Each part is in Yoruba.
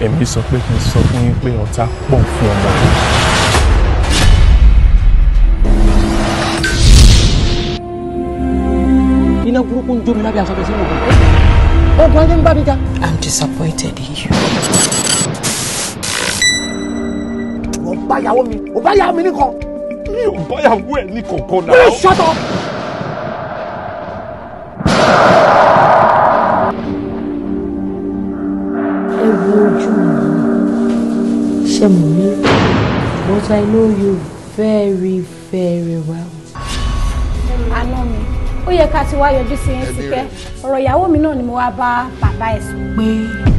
èmi sọ pé kí n sọ fún yín pé ọ̀tá pọ̀ fún ọmọ yìí. iná burúkú ń jó lábẹ́ àsọ̀tẹ̀ sí ìwòkè. ogun ayé bá mi já. I'm disappointed in you. ò ń mi ò bá mi nìkan. mi ò bá ìyàwó ní kọ̀ọ̀kan náà. will you shut but I know you very very well. Àná mi, ó yẹ ká ti wá yọjú sí yín tipẹ́, ọ̀rọ̀ ìyàwó mi náà ni mo wá bá bàbá ẹ̀ sùn.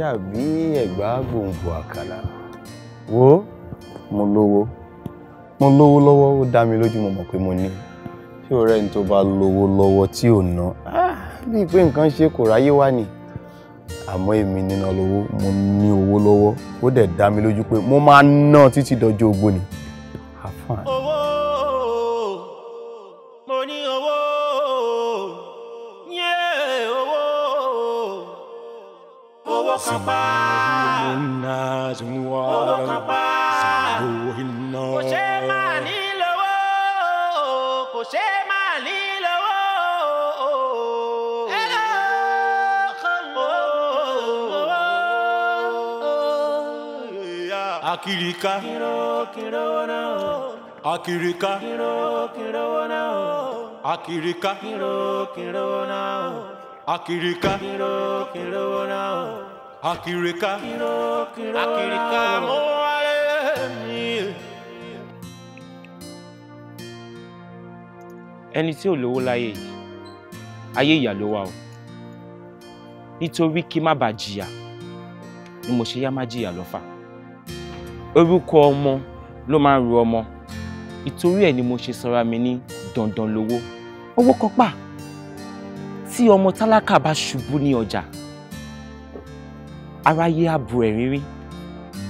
ṣàbí ẹ̀gbá gbòǹgbò àkàlà wo mo lówó mo lówó lọ́wọ́ ó dá mi lójú mo mọ̀ pé mo ní tí ọ̀rẹ́ ẹni tó bá lówó lọ́wọ́ tí ò ná ah, bíi pé nǹkan ṣe kò ráyé wá ni àmọ́ èmi níná lówó mo ní owó lọ́wọ́ ó dẹ̀ dá mi lójú pé mo máa ná títí dọjọ́ ogbó ni. akirika akirika akirika akirika akirika akirika mo wálé mi. ẹni tí ò lówó láyé yìí ayé ìyà ló wà o nítorí kí má bàa jìyà ni mo ṣe yá má jìyà lọ́fà orúkọ ọmọ ló máa ń ro ọmọ ìtorí ẹ̀ ni mo ṣe sọra mi ní dandan lówó owó kọpà tí ọmọ tálákà bá ṣubú ní ọjà aráyé àbò ẹ̀rín rí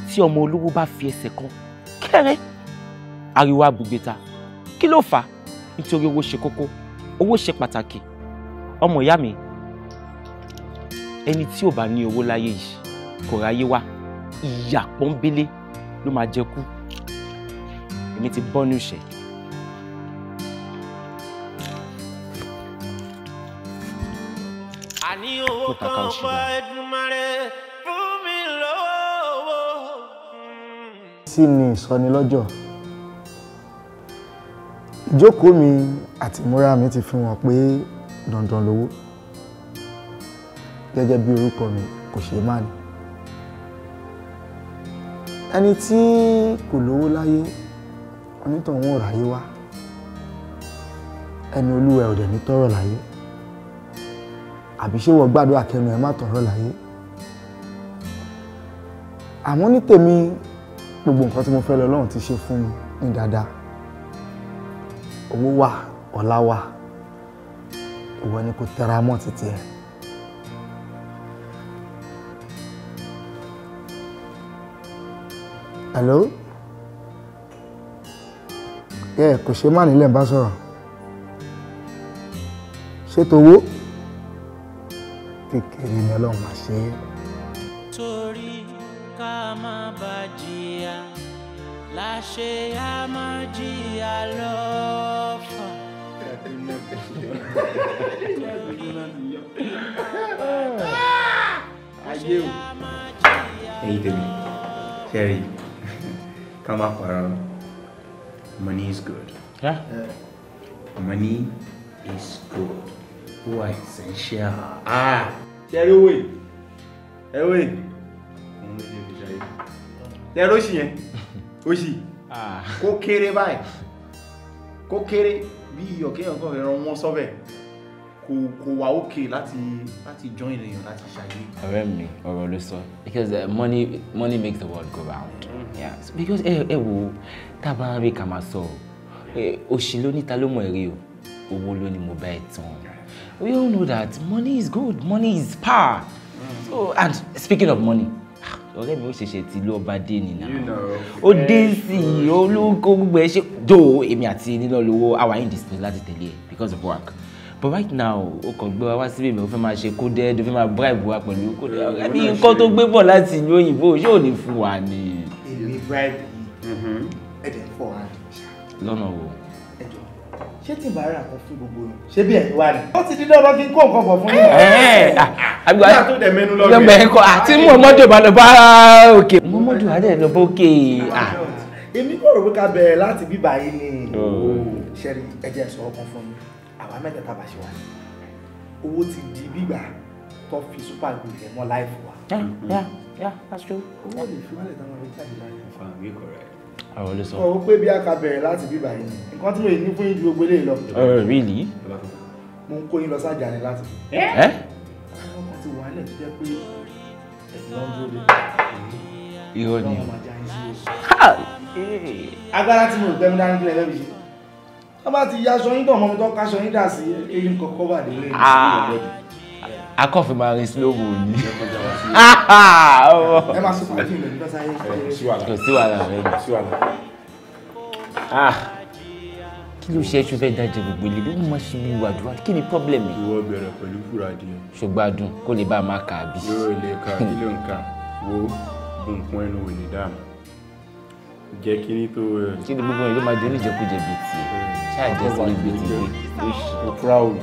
tí ọmọ olówó bá fi ẹsẹ̀ kan kẹ́rẹ́ ariwo àbùgbèta kí ló fà á nítorí owó ṣe kókó owó ṣe pàtàkì ọmọ ìyá mi ẹni tí ò bá ní owó láyé yìí kò ráyé wá ìyà pọ́nbélé ló máa jẹ kú èmi ti bọ́ ní ìṣẹ́. àní owó kan pa Èdùmàrè fún mi lówó. sí ni ìsọnilọ́jọ̀ ìjókòó mi àti ìmúra mi ti fi hàn pé dandan lówó gẹ́gẹ́ bí orúkọ mi kò ṣe máa ní ẹni tí kò lówó láyé onítọ̀hún ò ráyé wá ẹnu olúwa ò dẹ̀ ní tọrọ láyé àbí ṣé wọ́n gbàdúrà kẹnu ẹ̀ má tọrọ láyé àmọ́ ní tèmi gbogbo nǹkan tí mo fẹ́ lọ lọ́run ti ṣe fún mi ní dáadáa owó wà ọlá wà ìwọ ni kò tẹra mọ́ títí ẹ̀. hello yẹ kò ṣe má nílẹ̀ ń bá sọ̀rọ̀ ṣètò owó kékeré ni ọlọ́run máa ṣe é. torí ká má bá jìyà láṣẹ á má jìyà lọ́fà. ayé o ẹ̀yin tèmi ṣe rí i. Come up, parọ́ money is good. Yeah. Uh, money is good. ó wà essential. Ah. ẹ lówó yìí ẹ lówó yìí òun ló ṣe fi ṣayé ṣe ẹ lóṣì yẹn oṣì kó kéré báyìí kò kò wà okay láti láti join èèyàn láti ṣàyè. ọ̀rẹ́ mi ọ̀rọ̀ ló sọ because uh, money money makes the world go round mm. yeah. so because ẹ eh, ẹ eh, wo tá a bá rí ká máa sọ òṣì ló ló mọ̀ èrè o owó ló ní mo bá ẹ tán we all know that money is good money is power mm. so and speaking of money ọ̀rẹ́ mi ó ṣẹ̀ṣẹ̀ ti ló ọba dé nìyà ó dé sí i olóko gbogbo ẹ ṣe dò èmi àti nílọ́lọ́wọ́ our industry láti tẹ̀lé ẹ because of work but right now o kàn gbé wa wá síbí mi o fẹ́ máa ṣe kó dẹ́ o fẹ́ máa bribe wa pẹ̀lú kó dẹ́ ọ̀rẹ́ mi nǹkan tó gbé bọ̀ láti ìlú òyìnbó yóò ní fún wa ni. èmi bribe yìí mm-hmm. ẹ̀jẹ̀ fọ́ wa. lọ́nà wo. ẹjọ ṣé tí bàárà kan fún gbogbo rẹ ṣé bí ẹ̀yin wà ní. ó ti di dandan kí n kó nǹkan bọ̀ fún yín. àgbà tó dẹ̀ mẹ́nu lọ́rùn. lọ́mọ ẹ̀kọ́ àti mọ̀mọ́dù bá lọ bá òkè. mọ̀mọ́dù á dẹ̀ lọ bá òkè. èmi kò rò pé ká bẹ̀rẹ̀ láti bíbá yín ni. Oh. ṣẹ́ni ẹ̀jẹ̀ sọ̀rọ̀ kan fún mẹ́tẹ̀ẹ̀ta bá ṣe owó ti di gbígbà tó fi super glue rẹ̀ mọ́ láìfò wa. yeah yeah yeah that's true. owó lè fi wálẹ̀ táwọn ọ̀rẹ́ jáde láyé. fún àmì ìkọ̀rẹ́ ọ̀ pé bí a ka bẹ̀rẹ̀ láti bí báyìí nǹkan tí mo ní fún yín ju gbogbo eléyìí lọ. ọ̀rọ̀ rí lì mo ń kó yín lọ sájà ni láti. ẹ. Eh? àwọn ti wà nílẹ̀ tó pé ẹ̀sìn ń dúró de. ni eh. agbára tí mo gbẹ́mú dání kílẹ̀ lẹ́bi ṣe tó bá ti ya aṣọ yín bọ̀ mọ́mi tó ká aṣọ yín dà sí eyín kọ̀ọ̀kan wà nílé ní ah. ìyẹn akọ́fin máa rin slow mo ní. ẹ máa sọ fún àjùmọ̀ nígbà sáyé. kò sí wàhálà rẹ kò ah. kí ló ṣe é ṣe fẹ́ gbogbo ilé bí wọ́n máa ṣe bí wàdúrà kí ni problem yìí. ìwọ bẹ̀rẹ̀ pẹ̀lú fúradì. ṣùgbọ́n adùn kó lè bá a máa kà á bí. yóò lè ka kí ló ń ka wo nǹkan ẹnu wò ní dáàmú jẹ́ kí ní tó. Eh, kí ni gbogbo yẹn ló máa di oníjẹkújẹ bíi tiẹ̀ eh, ṣáà jẹ́ sí ibi tí ó proud.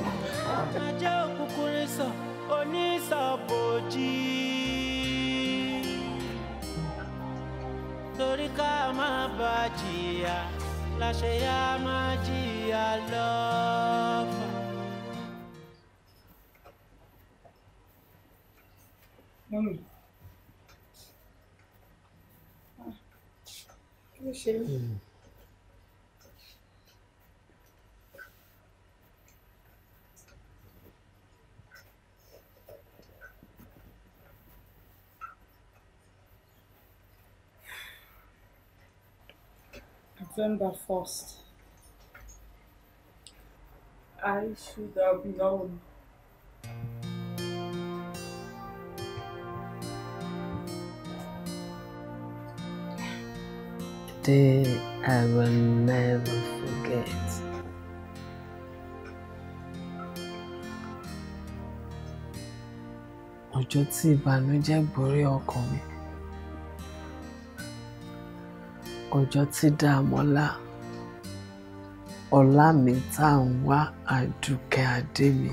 torí ká máa bá jìyà láṣẹ máa jìyà lọ́fọ̀ọ́. too. Mm. November 1st. I should have known day I will never forget. Ọjọ́ tí ìbànújẹ́ borí ọkàn mi. Ọjọ́ tí Dàmọ́lá ọlá mi tá à ń wá Àdùkẹ́ adé mi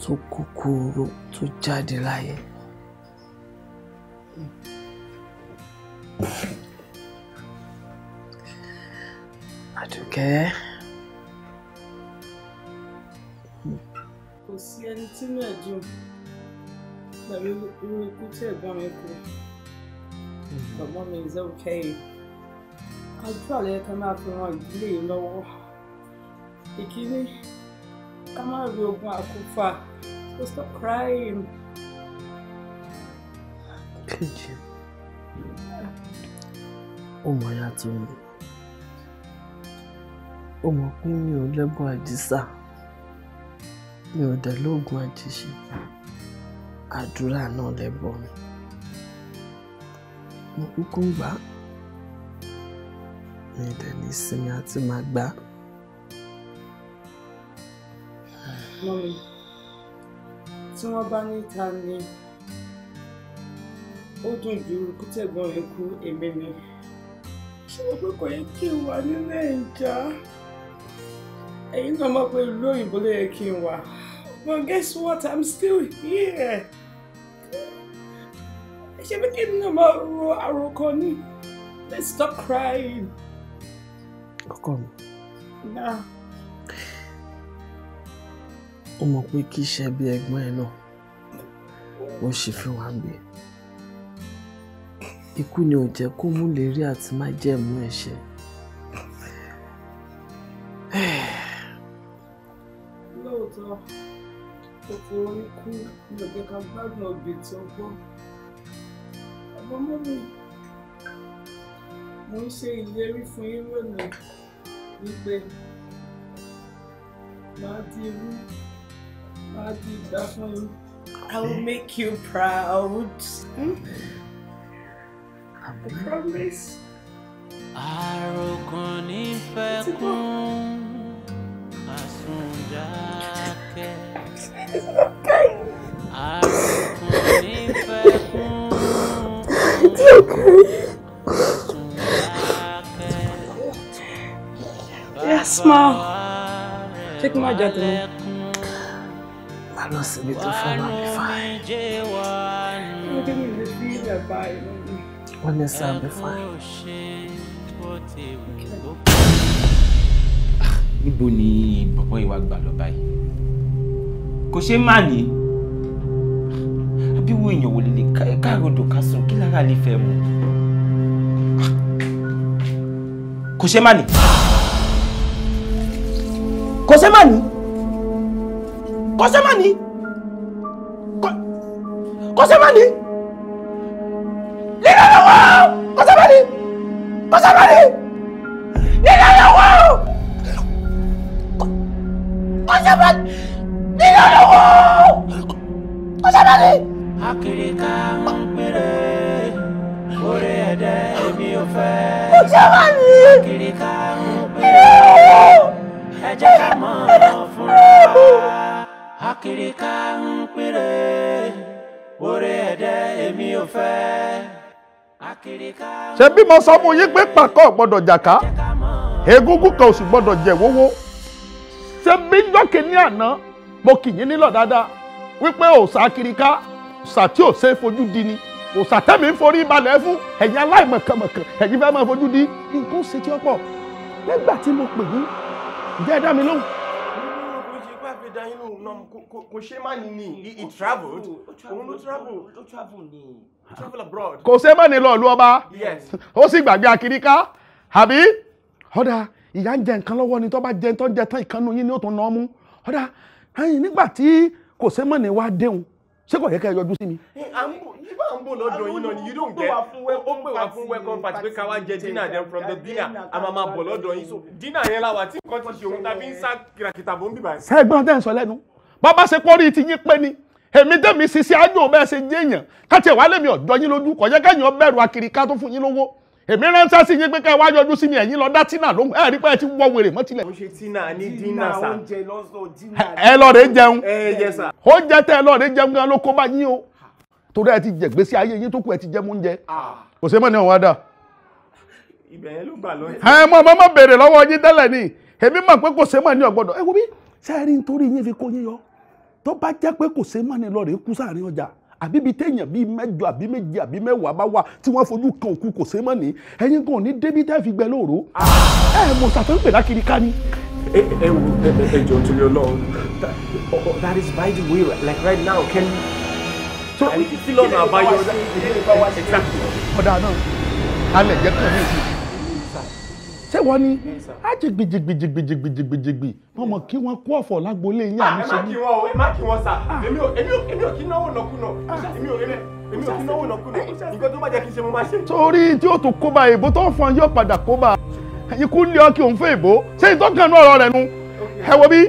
tó kúkúrú tó jáde láyé. I Àdùkẹ́. Kò sí ẹni tí mo ẹ̀dùn pẹ̀lú irú ikú tí ẹ̀gbọ́n mi kú. Bàbá hmm. mi is okay. Ajú àlẹ́ kan máa fi ran ìdílé yìí lọ́wọ́. Ìkíní, ká má rí ogun àkúfà. So stop crying. you? ó mọ aya tó ní ó mọ pé mi ò lẹ́bùn àjíṣà mi ò dẹ̀ lóògùn àjíṣe àdúrà náà lẹ́bùn mi mo kúkú ń gbà mi dẹ̀ ní ìsinmi àti máa gbà. mọ́mi tí wọ́n bá ní ta ni ó dùn ju kútẹ̀gbọ́n rẹ̀ kú èmi ni ó pé kò yẹ kí n wà nílé ìjà ẹ̀yin náà mọ̀ pé ìlú òyìnbó ló yẹ kí n wà but guess what i'm still here ṣe bí kí n náà máa ro àròkọ ni let's stop crying. ọkọ mi. náà. ó mọ̀ pé kí iṣẹ́ bí ẹgbọ́n ẹ náà ó ṣe fi wá ń ikú ni ò jẹ́ kó mú lérí àti má jẹ̀mú ẹ̀ṣẹ̀. lóòótọ́ kòkòrò ikú ni ò jẹ́ gbádùn ọ̀gbìn tí gbọ́. àmọ́ mọ́mí mo ń ṣe ìlérí fún yín lónìí wípé máa di irú máa di ìgbà fún yín. I will make you proud. Mm? I promise. It's ní fẹ́ kún àsùnjákẹ́. Àròkàn ní fẹ́ kún àsùnjákẹ́. Yes, ma. Ṣé kí n máa jẹ tèmi? Má lọ síbi tó fẹ́ máa Honestly, I'll be fine. Níbo ni bọ̀bọ̀ ìwà gbà lọ báyìí? Kò ṣe má ní. Abíwú èèyàn wò lè káàròdò ká sùn kí lára lè fẹ́ mu. Ah, kò ṣe má ní. Kò ṣe má ní. Kò ṣe má ní. Kò ṣe má ní. Lílọ́! for somebody! Nina, no woo! For somebody! Nina, no woo! For somebody! Akirika ń pèrè, orí ẹ̀dẹ̀ mi ò fẹ́. For Akirika ń pèrè, ẹ e ká mọ̀ fúnra wa. Akirika ń pèrè, orí ẹ̀dẹ̀ mi ò fẹ́ ṣe bí mo sọ fún yín pé pàkọ́ gbọ́dọ̀ jàká egungun kan oṣù gbọ́dọ̀ jẹ wówó ṣe bí lọ́kìnní àná mo kì yín nílọ̀ dáadáa wípé òòṣà Akirika òòṣà tí ò ṣe é fojú di ni òòṣà tẹ̀mí ń forí balẹ̀ fún ẹ̀yin aláìmọ̀kànmọ̀kàn ẹ̀yin fẹ́ máa fojú di nǹkan ṣe tí ó pọ̀ nígbà tí mo pè yín ǹjẹ́ ẹ dá mi lóhùn kò ṣe má ní ní he traveled òun ló travel. ó travel ni kò ṣe mọ́ ni lọ ìlú ọba ó sì gbàgbé akíríká àbí ọ̀dà ìyá ń jẹ nǹkan lọ́wọ́ ni tó bá jẹ tó ń jẹ tán ìkànnù yín ni ó tún ná mú ọ̀dà ẹ̀yin nígbà tí kò ṣe mọ́ ni wá déhùn ṣé kò yẹ kẹ́ yọjú sí mi. nígbà ń bò lọ́dọ̀ yín náà ni you don't get ó pè wá fún welcome party pé ká wá jẹ dinner then from the dinner a máa máa bọ̀ lọ́dọ̀ yín so dinner yẹn la wà tí nǹkan ti ṣe òun tàbí ń sá kìràkìtà bó ń bìbà. ṣẹ́gbọ́n tẹ́ ń sọ lẹ́nu bàbá ṣe kórìí ti yín pé ni èmi tẹ̀mí sisi ájò bẹ́ẹ̀ ṣe jẹ́ èèyàn káti ẹ̀wá lèmi ọ̀jọ́ yín lójú kọjá kẹ́yìn bẹ̀rù akirika tó fún yín lówó èmi ránṣẹ́ sí yín pé ká wá yọjú sí mi ẹ̀yin lọ dá tínà lóhùn ẹ̀rí pé ẹ ti wọ wèrè mọ́ tilẹ̀. mo ṣe tínà ní dínà sá ẹ lọ rè jẹun ó jẹ tẹ ẹ lọ rè jẹun gan ló kó bá yín o torí ẹ ti jẹ gbèsè ayé yín tó kù ẹ ti jẹ mú oúnjẹ kò sí mọ́ ni ọ̀wá dà. ibẹ̀ yẹn ló gbà lọ. ẹ mọ ọmọ mọ béèrè lọ́wọ́ yín tẹ́lẹ̀ ni èmi mọ̀ pé mọ́ ni ọ̀gbọ́dọ̀ tó bá jẹ́ pé kò ṣe mọ́ni lọ rèé kú sáàrin ọjà àbí téèyàn bíi mẹ́jọ àbí méje àbí mẹ́wàá bá wà tí wọ́n fojú kan òkú kò ṣe mọ́ni ẹ̀yin kan ò ní débi tẹ́ fi gbẹ lóòró ẹ mọ̀ ṣàtúnpè lákiri ká ni. ẹ ẹ wo ẹ jọ torí Ọlọ́run oh, oh, that is by the way like right now can so sílọ̀nà àbáyọ ọ̀dà náà alẹ̀ jẹ́ kàn ní ìsìn ṣé wọ́n ní á jẹ gbìjìgbìjìgbìjìgbìjìgbì wọ́n mọ̀ kí wọ́n kú ọ̀fọ̀ lágboolé yín àmì ṣe ní. Ah, má kí wọn sà ah. èmi ò èmi ò kí náwó lọkùnà ah. èmi ò rí bẹ́ẹ̀ èmi ò kí náwó lọkùnà eh, eh. nǹkan tó má jẹ́ kí n ṣe mo máa ṣe. torí tí ó tún kóbá èbó tó ń fọn yóò padà kóbá ikú lé ọ kí òun fún èbó ṣé ìtọ́kànnú ọ̀rọ̀ rẹ̀ nu ẹ wo bí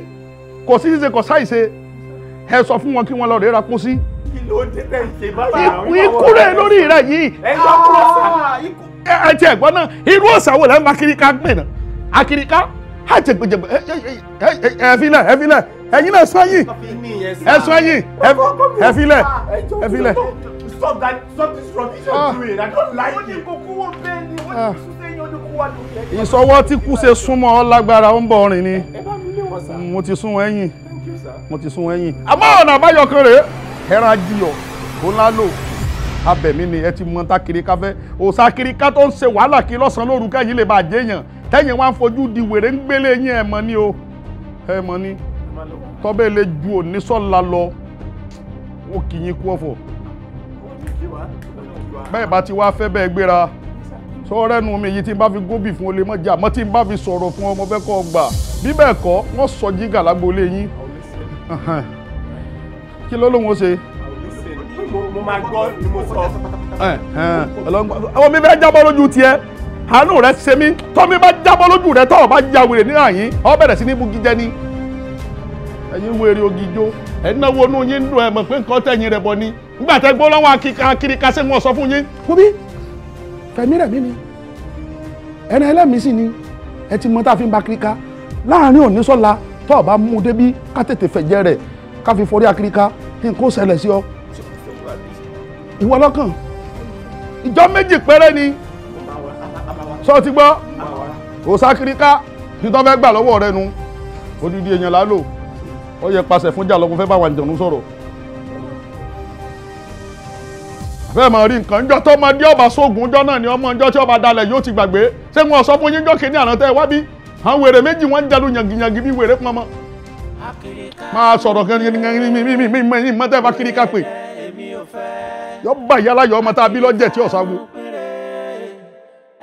kò sí ṣíṣe kò sáì ṣe ẹ sọ fún wọn kí wọn lọ rẹ ra kó sí. kí ló dé tẹ̀ ikú rẹ̀ lórí rẹ̀ yìí. ẹ yọ kúrò sáà ikú ẹtì ẹ̀gbọ́n náà irú ọ̀sà wo lẹ́nu akirika gbìn náà akirika á jẹgbẹjẹgbẹ ẹfilẹ ẹfilẹ ẹyin náà sọ yìí ẹ sọ yìí ẹfilẹ ẹfilẹ. Stop that, stop this rubbish ah. I don't like it. Ah. Ìsọwọ́ tí kú ṣe súnmọ́ ọ lágbára ó ń bọ̀ ọ̀rìn ni. Mo ti sún wọn ẹ̀yìn. Mo ti sún wọn ẹ̀yìn. Àmọ́ ọ̀nà àbáyọ kan rèé. Ẹran ajiyọ̀, òun lálò abẹ̀mí ni ẹ ti mọ tákiri káfẹ́ òsàkiri ká tó ń ṣe wàhálà kí lọ́sàn-án lóru kẹ́yìn lè bàa jẹ́yàn tẹ́yìn wá ń fojú di wèrè ń gbélé yín ẹ̀ mọ́ ni o ẹ̀ mọ́ ni tọ́bẹ̀ lè ju òní sọ́la lọ ó kì í yín kú ọ̀fọ̀ bẹ́ẹ̀ bá ti wá fẹ́ bẹ́ẹ̀ gbéra sọ́ọ́rẹ́ nu mi yìí tí n bá fi góbì fún olè mọ́jà mọ́ tí n bá fi sọ̀rọ̀ fún ọmọ fẹ́ kọ́ gbà bí bẹ́ẹ̀ kọ́ wọ́n sọ jígà lágbo lé yín kí ló lóun ó ṣe mo máa gbọ́ ni mo sọ. ọmọ mi fẹ́ jábọ́ lójú tiẹ̀ àánú rẹ ṣe mí tọ́mi bá jábọ́ lójú rẹ tọ́ ọ bá ya wèrè nílà yín ọ bẹ̀rẹ̀ sí ní bugi jẹ ni. ẹ̀yin wèrè ògìjó ẹ̀yin náà wo inú yín dùn ẹ̀ mọ̀ pé nǹkan tẹ̀yìn rẹ̀ bọ̀ ni nígbà tẹ́ gbọ́ lọ́wọ́ akiri kásẹ̀ wọn sọ fún yín. kúbí fẹ̀mí rẹ̀ mí ni ẹni ẹlẹ́mìí sì ni ẹ ti mọ tá a fi ń ba kirika láàrin òní sọ́la tọ́ ọ bá mú débí ká tètè fẹ̀jẹ̀ rẹ̀ ká fi forí akirika kí nǹkan ó ṣẹlẹ̀ sí ọ ìwọ lọ́kàn ìjọ méjì péré ni sọ ti gbọ́ kò sákìríkà títọ́ fẹ́ gbà lọ́wọ́ rẹ nu odidi èèyàn lálò ó yẹ pàṣẹ fún jà lọ́kùn fẹ́ bá wà nìjọ̀nù sọ̀rọ̀ bẹ́ẹ̀ mọ̀ rí nǹkan ńjọ́ tó máa dé ọba sógun ńjọ́ náà ni ọmọ ńjọ́ tí ọba dalẹ̀ yóò ti gbàgbé ṣé wọn sọ fún yín ńjọ́ kìíní àná tẹ́ ẹ wá bí àwọn wèrè méjì wọn ń jalu yàngìyàngì bí wèrè pọnmọ. máa sọ̀rọ̀ gan-an mi mi mi mi mi mọ́tẹ́ bá kiri ká pè yọ bá ìyá aláyọ̀ ọmọ tá a bí lọ́jẹ̀ tí ọ̀ságun.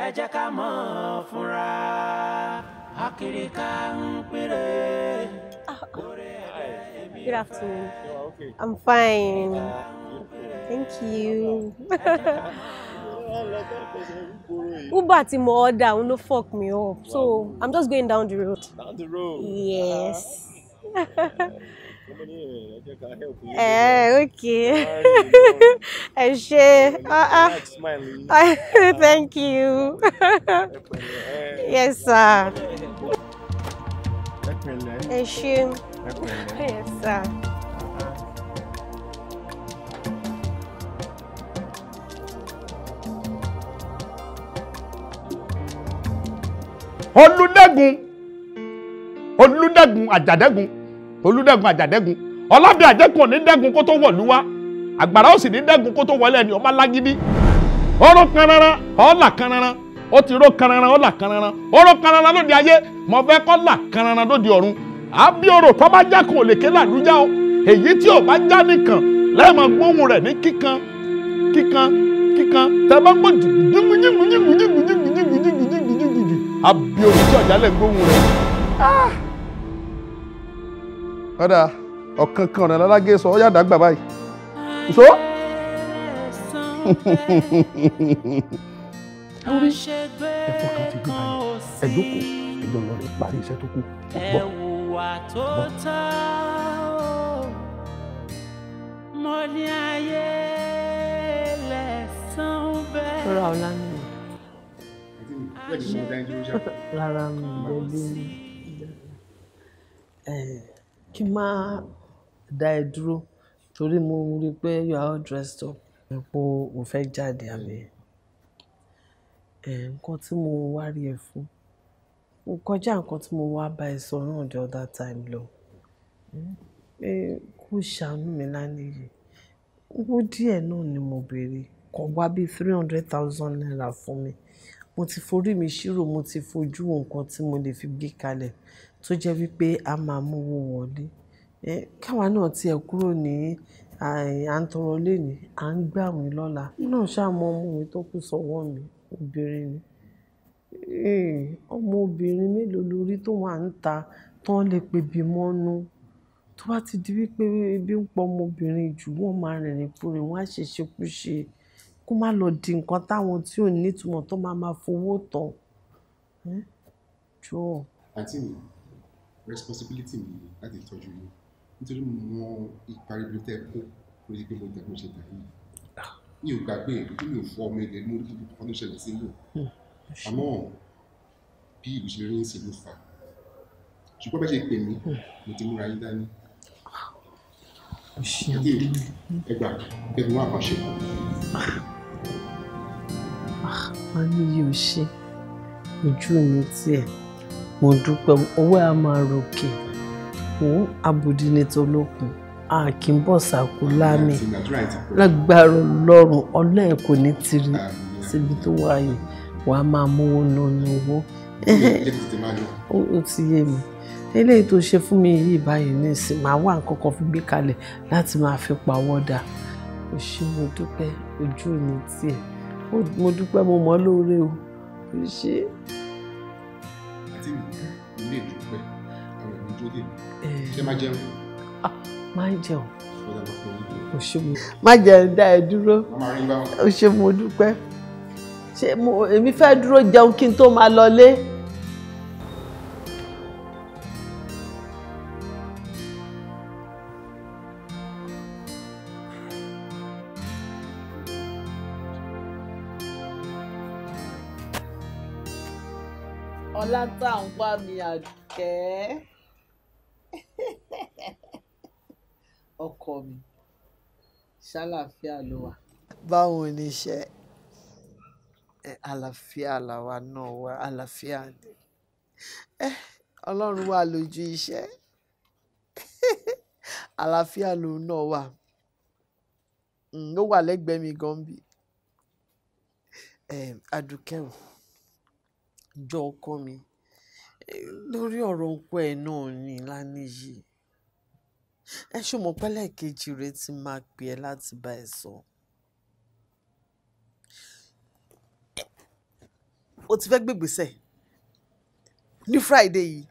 ẹ jẹ́ ká mọ̀ fúnra akirika ń péré. Good afternoon. I'm fine. Thank you. Uber ti mo order no fuck me up. So I'm just going down the road. Down the road. Yes. Ah. É, o que? É G. Ah, ah. Thank you. Yes, sir. É X. Yes, sir. Olúdẹ́gun Olúdẹ́gun Àjàdẹ́gun olùdẹ́gun àjàdẹ́gun ọlọ́dẹ àjẹkùn ní dẹ́gun kó tó wọ̀lú wá àgbàrá òsì ní dẹ́gun kó tó wọlé ẹni ọmọ alágídí ọ̀rọ̀ kanranran ọ̀là kanranran ó ti ró kanranran ọ̀là kanranran ọ̀rọ̀ kanranran lóde ayé mo fẹ́ kọ́ là kanranran lóde ọ̀run àbíọ̀rọ̀ tó bá já kan ò lè ké làlújá o èyí tí ò bá já nìkan lẹ́ẹ̀mọ gbóhùn rẹ̀ ní kíkan kíkan kíkan tẹ́ bá gbọ́ jùgùjùgùjùgùjùgùjùgùjùgùjùgùjùgùjù ah ọ̀dà ọ̀kankan ọ̀nà lálágé sọ ọ̀yà dàgbà báyìí so. ẹ̀fọ́ kan ti gbé báyìí ẹ̀ jókòó ẹ̀jọ̀ lọ rẹ̀ parí iṣẹ́ tó kù bọ̀ bọ̀. rọra ọ̀la ni rárá mi lè lé kí n má dá ẹ dúró torí mo rí i pé you are all dressed up epo ò fẹ́ jáde àmì ẹ̀ nǹkan tí mo wá rí ẹ fún mo kọjá nǹkan tí mo wá bá ẹ sọ náà the other time lọ pé kó ṣàánú mi lánìyí owó díẹ̀ náà ni mo béèrè kàn wá bíi three hundred thousand naira fún mi mo ti forí mi ṣírò mo ti fojú nǹkan tí mo lè fi gbé kalẹ̀ tó jẹ́ wípé a máa mówó wọlé káwa náà tiẹ̀ kúrò ní à ń tọrọ lénìí à ń gbàwìn lọ́la náà ṣàmọ́ ọmọ mi tó kù sọ́wọ́ mi obìnrin ni ọmọ obìnrin mélòó lórí tó wà ń ta tán lè pè bí mọ́nú tó bá ti di wípé ebi ń pọ ọmọbìnrin jù wọ́n máa rìnrìn kúrin wọ́n á ṣe ṣekúṣe kó má lọ di nǹkan táwọn tí ò nítumọ̀ tó máa máa fowó tán àǹtí mi responsibility mi láti tọ́jú yín nítorí mo mọ ipa ribiri tẹ́ kó lórí pé mo dẹ̀ mo ṣe dàrí mi ò gbàgbé kí mi ò fọ ọmọ ilẹ̀ mo rí kí nǹkan tó ṣẹlẹ̀ sí yìí hmm, àmọ́ bí ìlú ṣe rí ń ṣe ló fà ṣùgbọ́n bẹ́ẹ̀ ṣe pè mí hmm. mo ti múra yín dání ẹgbà ẹgbà wọn àkànṣe. a ní yóò ṣe ojú mi tiẹ̀ mo dúpẹ́ owó ẹ̀ á máa ròkè wò ó abòdínítọ́ lókun a kì í bọ̀ sàkó lámì lágbára ọlọ́run ọlọ́ẹ̀ kò ní tiri síbi tó wà yìí wàá máa mówó nánú owó ó ti yé mi eléyìí tó ṣe fún mi yìí báyìí ní ìsìn máa wà nǹkan kan gbé kalẹ̀ láti máa fi pawọ́dà ó ṣé mo dúpẹ́ ojú mi tiẹ̀ mo dúpẹ́ mo mọ̀ lóore o ó tèmi eh. ṣé ah, má jẹun. má jẹun òṣèlú má jẹun dá ẹ dúró òṣèlú mo dúpẹ́ èmi fẹ́ dúró jẹun kí n tó máa lọlé. ọlá tá à ń wá mi àdùkẹ́. ọkọ mi ṣàlàáfíà ló wà. báwo ni iṣẹ́ àlàáfíà làwa náà wà àlàáfíà ni ọlọ́run wà lójú iṣẹ́ àlàáfíà lòun náà wà ó wà lẹ́gbẹ̀ẹ́ mi gan bí àdùkẹ́ jọ ọkọ mi. lórí ọ̀rọ̀ ńkọ ẹ̀ náà ni Láníyì ẹ ṣe mọ̀ pẹ́lẹ́ kejì rẹ ti máa pè ẹ́ láti bá ẹ sọ. o ti fẹ́ gbègbèsè ní Friday yìí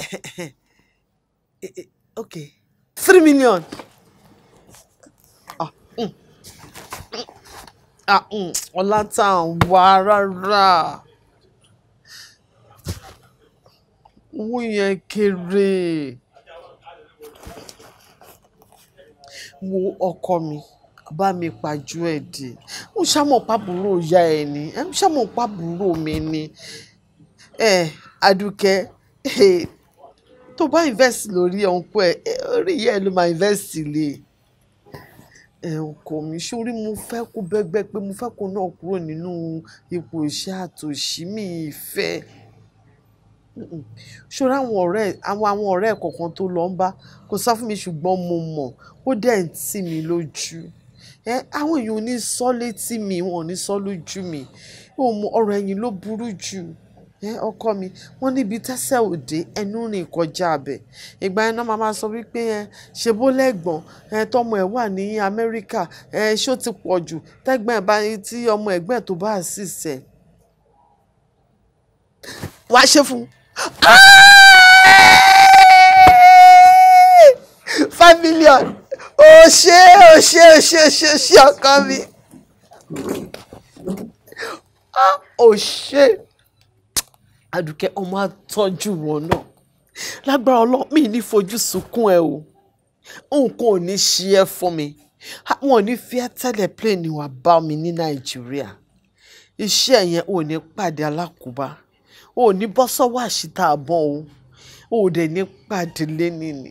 ok three million. Ah, mm. Ah, mm. ọ̀la tá rárá. owó yẹn kéré wo ọkọ mi bá mi pàjọ ẹ dì ń ṣàmọ pàbúrò ya ẹ ni ń ṣàmọ pàbúrò mi ní ẹ Adúkẹ́ tó bá invest lórí ọ̀nkọ́ ẹ orí yẹn ló máa invest lé ẹ̀ǹkọ́ mi sórí mo fẹ́ kó bẹ́gbẹ́ pé mo fẹ́ kó náà kúrò nínú ipò iṣẹ́ àtòṣí mi ìfẹ́ ṣọ́ra àwọn ọ̀rẹ́ àwọn àwọn ọ̀rẹ́ kọ̀ọ̀kan tó lọ ń bá kò sá fún mi ṣùgbọ́n mo mọ̀ ó dẹ̀ ń tì mí lójú ẹ àwọn èèyàn ò ní sọ létí mi wọn ò ní sọ lójú mi ó mọ ọ̀rọ̀ ẹ̀yìn ló burú jù ẹ ọkọ mi wọn níbi tẹsẹ̀ òde ẹnu rìn kọjá abẹ ìgbà yẹn náà màmá sọ wípé ẹ ṣe bó lẹ́gbọ̀n ẹ tọmọ ẹ wà ní Amẹ́ríkà ẹ ṣó ti pọ̀ jù tẹ́gbọ́n ẹ bá tí ọmọ ẹ̀gbẹ́ tó bá àṣìṣe wàá ṣe fún un five million o ṣé o ṣé o ṣé o ṣé o ṣé ọkọ mi o ṣé Àdùkẹ́ ọmọ àtọ́jú wọn náà lágbára ọlọ́mí ní fojú sunkún ẹ o nǹkan ò ní ṣe ẹ fún mi wọn ò ní fi tẹ́lẹ̀ plane wà bá mi ní Nàìjíríà iṣẹ́ yẹn ò ní pàdé alákòóbá o ò ní bọ́ sọ́wọ́ àṣìta àbọ̀ o o ò dẹ̀ ní pàdílé nìní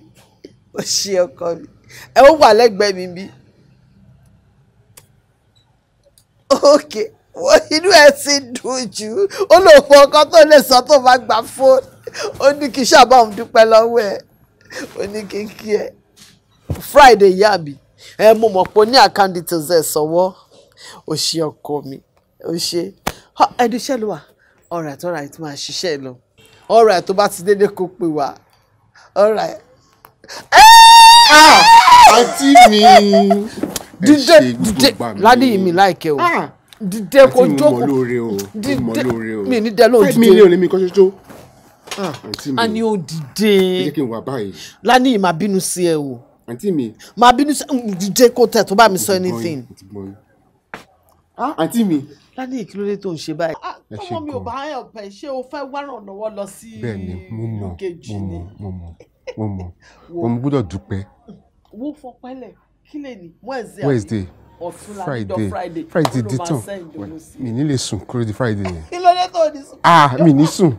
o ṣe ọkọ mi ẹ ó wà lẹ́gbẹ̀ẹ́ mi bí ok inú ẹ ti dùn jù ó lò fún ọkọ tó lè sọ tó máa gba fóònù ó ní kí sábà òun dúpẹ́ lọ́wọ́ ẹ ó ní kí n kí ẹ friday yàbí ẹ mo mọ̀ pé ó ní account details ẹ sọ̀wọ́ o ṣe ọkọ mi o ṣe ẹdùṣẹ́ ló wà alright alright máa ṣiṣẹ́ lọ alright tó bá ti dédé kó pè wá alright. Ah! Ah! àǹtí mi dídé dídé ládì mi láìkẹ́ o ah! dídé kó jókòó dídé mi ní dẹ́ lóòótọ́ five million ni mi kọ́ ṣoṣo a ní o dìde lánìí máa bínú sí ẹ o máa bínú sí ẹ dìde kó tẹ̀ tó bá mi sọ anything. àǹtí mi ládé kí ló dé tó ń ṣe báyìí. Ah, ọmọ mi ò bá help ẹ ṣé o fẹ́ wá ìrànlọ́wọ́ lọ sí ìlú kejì ni. mo mọ mo mọ mo mọ gbọ́dọ̀ dúpẹ́. wo kí lè ní wednesday wednesday friday friday friday di tán mi ní lè sùn kúrò di friday yẹn. kí ló dé ní sùn. ah mi ní sùn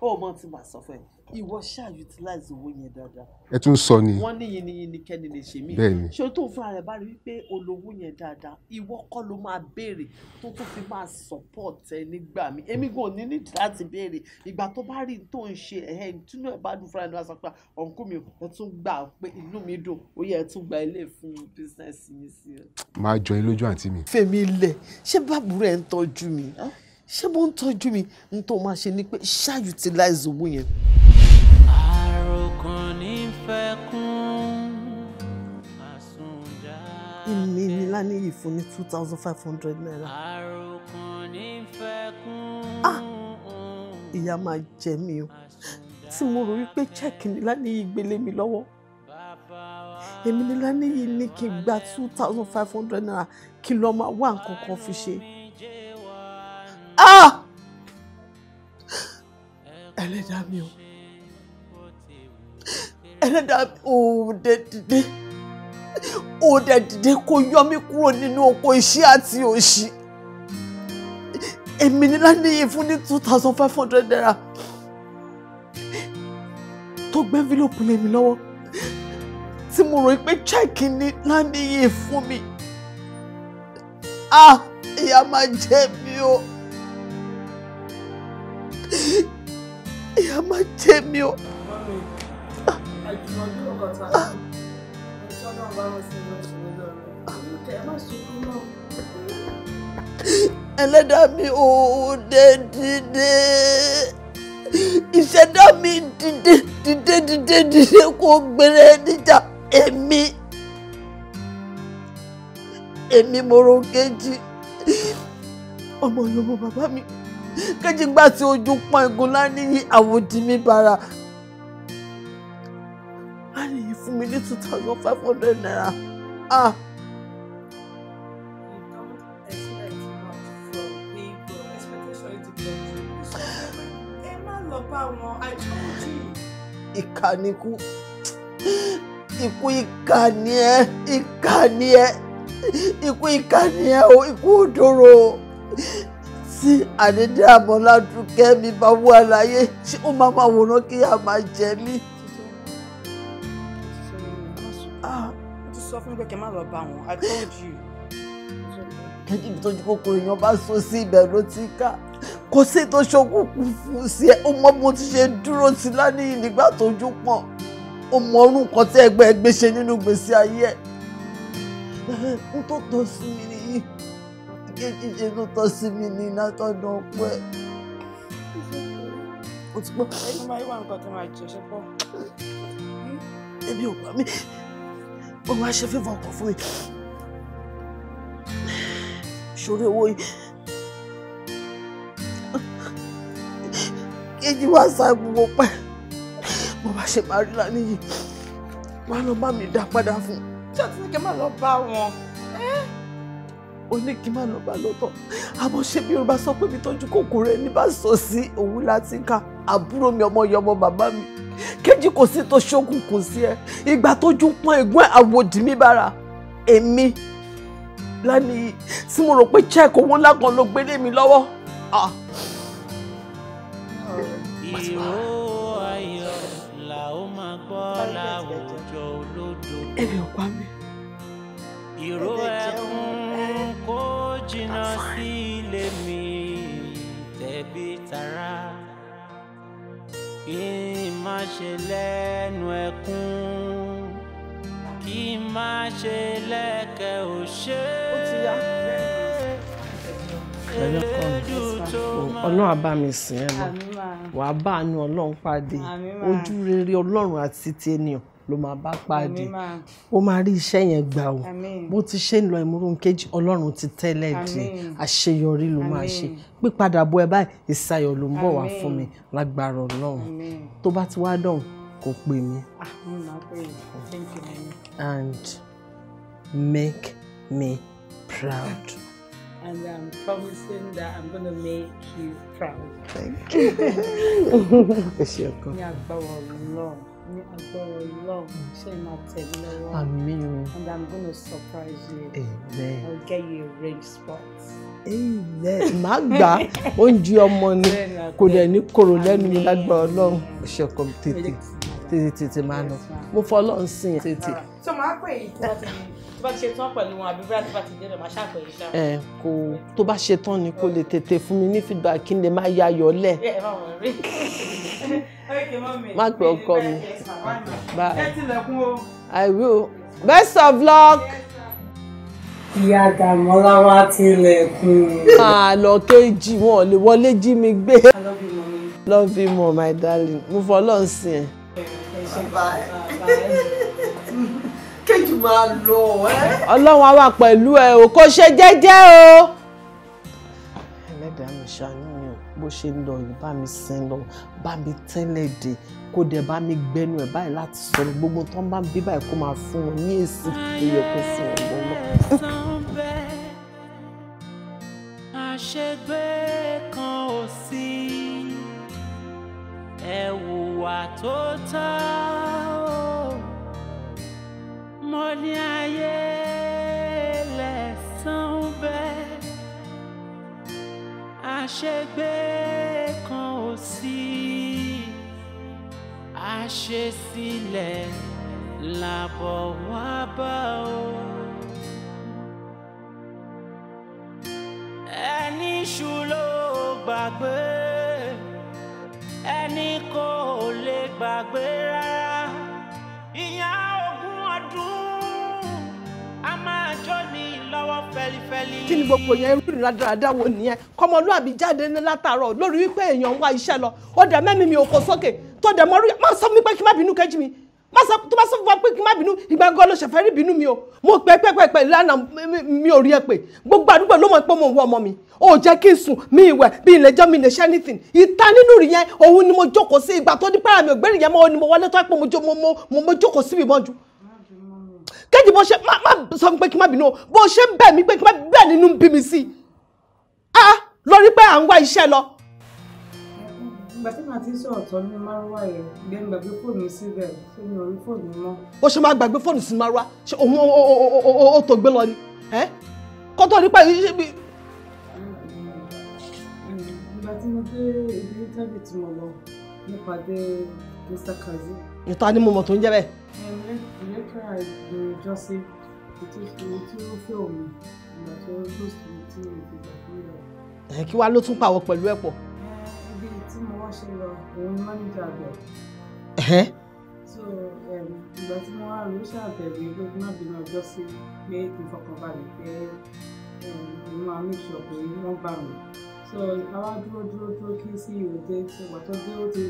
ọmọ oh, tí màá sọ fún ẹ ìwọ ṣáà utilize owó yẹn dáadáa. ẹ tún sọ ni. wọn ní yìí ni yìí ni kẹ́ni lè ṣe mí. bẹ́ẹ̀ni ṣé tó ń fúnra rẹ bá rí wípé olówó yẹn dáadáa ìwọ kọ́ ló máa béèrè tó tún fi máa support ẹ nígbà mi èmi gan ní nídìí láti béèrè ìgbà tó bá rí tó ń ṣe ẹhẹ tínú ẹ bá dùn fúnra ẹ lọ sọ pé ọ̀nkú mi ẹ tún gbà pé inú mi dùn ó yẹ ẹ tún gba ilé fún bísíǹsì mi sí ẹ. máa jọ ẹ lójú àǹtí mi. fèmi ilẹ̀ ṣé bàbúrò ẹ̀ ń tọ́jú mi. Huh? ṣé mo ń tọ́jú mi n tó máa ṣe ni pé ṣáà owó yẹn. àròkàn ní fẹ́ kún àsùnjà. èmi ni Láníyì fún ní two thousand five hundred naira. àròkàn ní fẹ́ kún. ah ìyá máa jẹ mí o tí mo rò wípé check ni Láníyì gbélé mi lọ́wọ́ èmi ni Láníyì ní kí n gba two thousand five hundred naira kí n lọ́ọ́ máa wá nǹkan kan fi ṣe. Ah, mi ò ẹlẹ́dàá mi ò dẹ̀ dìde ò dẹ̀ dìde kó yọ mí kúrò nínú oko iṣẹ́ èmi ní Ládìyí fún ní two thousand five hundred naira tó gbé envelope lé mi lọ́wọ́ tí mo rò pé chẹ́ẹ̀kì ní Ládìyí fún mi ah ìyà máa jẹ mí o. Oh. ìyá máa jẹ mí o. ẹlẹ́dàá mi ò dé dìde ìṣẹ̀dá mi dìde dìde dìde dìde kò gbèrè níjà èmi èmi mo ro kejì ọmọ ìyọmọ bàbá mi kejì gbà sí ojú pọ́n igun láníyí àwòdì mi bara láníyí fún mi ní two thousand five hundred naira ah. ìkà ikú ikú ẹ ìkà ẹ ikú ìkà ẹ o ikú òdòrò tí àdédé àmọ́ládùkẹ́ mi bá wú àlàyé ṣé ó máa máa wòran kí a máa jẹ mí. Ah. ti sọ fún mi pé kí n má lọ I told you. kẹ́jú ibi tójú kòkòrò èèyàn bá so sí ibẹ̀ ló ti ká kò sí tó ṣokùnkùn fún sí ẹ ó mọ bó ti ṣe dúró sí lánìí nígbà tójú pọ̀ ó mọ orú nǹkan tí ẹgbẹ́ ẹgbẹ́ ṣe nínú gbèsè ayé ẹ̀ ń tó tó sí mi ni kéjìjì tó tọ́ sí mi ní látọ̀dọ̀ ọpẹ́. o ti gbọ́. ẹni máa wá nǹkan tó máa jẹ ṣe pọ̀. ebi ò pa mí ó wá ṣe fífọ ọkọ̀ fún mi sórí owó yìí kéjì wá sá gbogbo pẹ́ mo bá ṣe máa lánìí yìí wọ́n lọ bá mi dá padà fún un. ṣé àti ní kí n má lọ bá wọn oníkìmá ló bá lọ́tọ̀ àmọ́ ṣé bí yorùbá sọ pé ibi tójú kòkòrò ẹni bá sọ sí òun láti ká àbúrò mi ọmọ yọmọ bàbá mi kejì kò sí tó ṣókùn kò sí ẹ ìgbà tójú pọn ẹ̀gbọ́n àwòdì mi bára èmi lánìí tí mo rò pé check owó ńlá kan ló gbélé mi lọ́wọ́. ẹ̀rẹ̀ ọ̀pá mi. ìró ẹkún kó jìnnà sí ilé mi tẹ̀bí tará kí n má ṣe lẹ́nu ẹkún kí n má ṣe lẹ́kẹ̀ òṣè. ó ti yá lọ wàá bá àánú ọlọ́run pàdé ojú rere ọlọ́run àti ti ènìyàn ló máa bá pàdé ó máa rí iṣẹ́ yẹn gbà o bó ti ṣe ń lọ ìmúrun kejì ọlọ́run ti tẹ́lẹ̀ di àṣeyọrí ló máa ṣe pípadà bọ̀ ẹ báyìí ìsayọ̀ ló ń bọ̀ wá fún mi lágbára ọlọ́run tó bá ti wá dọ̀hùn kò pè mí ah, and make me proud. and I'm promising that I'm going to make you proud. Thank you. it's your God. Yeah, but long ní agbára ọlọ́run ṣe máa tẹ̀ lọ́wọ́. àmín o. and i'm gonna surprise you. amen. i'll get you a range spot. amen. màá gbà oúnjẹ ọmọ ni kò dẹ̀ ní koro lẹ́nu mi lágbára ọlọ́run ṣọkọ tètè tètè tètè máa lọ mo fọ́ ọlọ́run sìn tètè. so màá pè é ìtura tèmi tó bá ti ṣe pẹ̀lú wọn àbí bóyá tó bá ti dé rẹ̀ máa ṣàpè yìí ẹ kò tó bá ṣe ni kò lè tètè fún mi ní feedback kí n lè máa yayọ̀ lẹ̀. má pè ọkọ mi bye I will best of luck. ìyá àdàmọ́lá wá tilẹ̀kùn. máa lọ kéjì wọn ò lè wọlé jí mi gbé. love you more my darling mo fọlọ́ọ̀ sìn ẹ̀. bye. bye. máa lọ ẹ́. ọlọ́run á wà pẹ̀lú ẹ o kò ṣe jẹ́jẹ́ o. ẹlẹ́dàá mi ṣàánú mi o bó ṣe lọ yìí bá mi sin lọ bá mi tẹ́lẹ̀ dé kó dẹ̀ bá mi gbẹnu ẹ̀ báyìí láti sọ̀rọ̀ gbogbo tó ń bá bí báyìí kó máa fún wọn ní èsì tó kó fún wọn lọ́wọ́. àṣegbé kan ò sí ẹ̀wùwà tó tán mo ní ayé lẹ̀san bẹ́ẹ̀ àṣegbé kan ò sí àṣesílẹ̀ làbọ̀ wá bá o. ẹni ṣu ló gbàgbé ẹni kò lè gbàgbé rárá. kí ni gbogbo yẹn irú ìrìn àdáradá wo nìyẹn kọmọlúàbí jáde ní látàárọ̀ lórí wípé èèyàn ń wá iṣẹ́ lọ ó dẹ mẹ́mí mi ò kó sókè tó dẹ mọ́rú má sọ mi pé kí má bínú kẹ́jì mi má sọ tó má sọ fún wa pé kí má bínú ìgbà gan ló ṣẹ̀fẹ́ rí bínú mi o mo pẹ́ pẹ́pẹ́pẹ́ lánàá mi ò rí ẹ pé gbogbo àdúgbò ló mọ̀ pé mo wọ ọmọ mi ò jẹ́ kí n sùn mi ìwẹ̀ bí ilẹ̀ jọ́ mi lè ṣe anything ìta nínú rí yẹn òun ni mo jókòó sí ìgbà tó ní pàrọ̀ mi ò gbẹ́rìn yẹn mọ́ ni mo wọlé tó pé mo jókòó síbi mọ́jú kéjì bó ṣe má má sọ pé kí má bínú o bó ṣe bẹ̀ mí pé kí má bẹ̀ nínú bí mi sí a lórí pé à ń wá iṣẹ́ lọ. ìgbà tí màá ti sọ ọ̀tọ̀ ní márúwá yẹn gbé gbàgbé fóònù síbẹ̀ ṣé mi ò rí fóònù mọ́. ó ṣe máa gbàgbé fóònù sí márúwá ṣe òun ó tó gbé lọ ni kó tó rí pé ìgbà tí mo dé ibi tábìlì tí mo lọ nípàdé Mr. Kazeem ìta ni mo mọ̀ tó ń jẹ́ bẹ́ẹ̀. ẹ kí wàá ló tún pàwọ̀ pẹ̀lú ẹ̀ pọ̀. ibi tí mo wá ṣe lọ òun ni mọ́nìjà bẹ̀. so ìgbà tí mo wá rí ṣàbẹ̀wò ìgbẹ́ náà bí mo jọ sí pé ìfọkànbalẹ̀ pé mo máa make sure pé wọ́n bá mi so àwa dúró dúró dúró kí sí ìròdé tó wà tó dé ó ti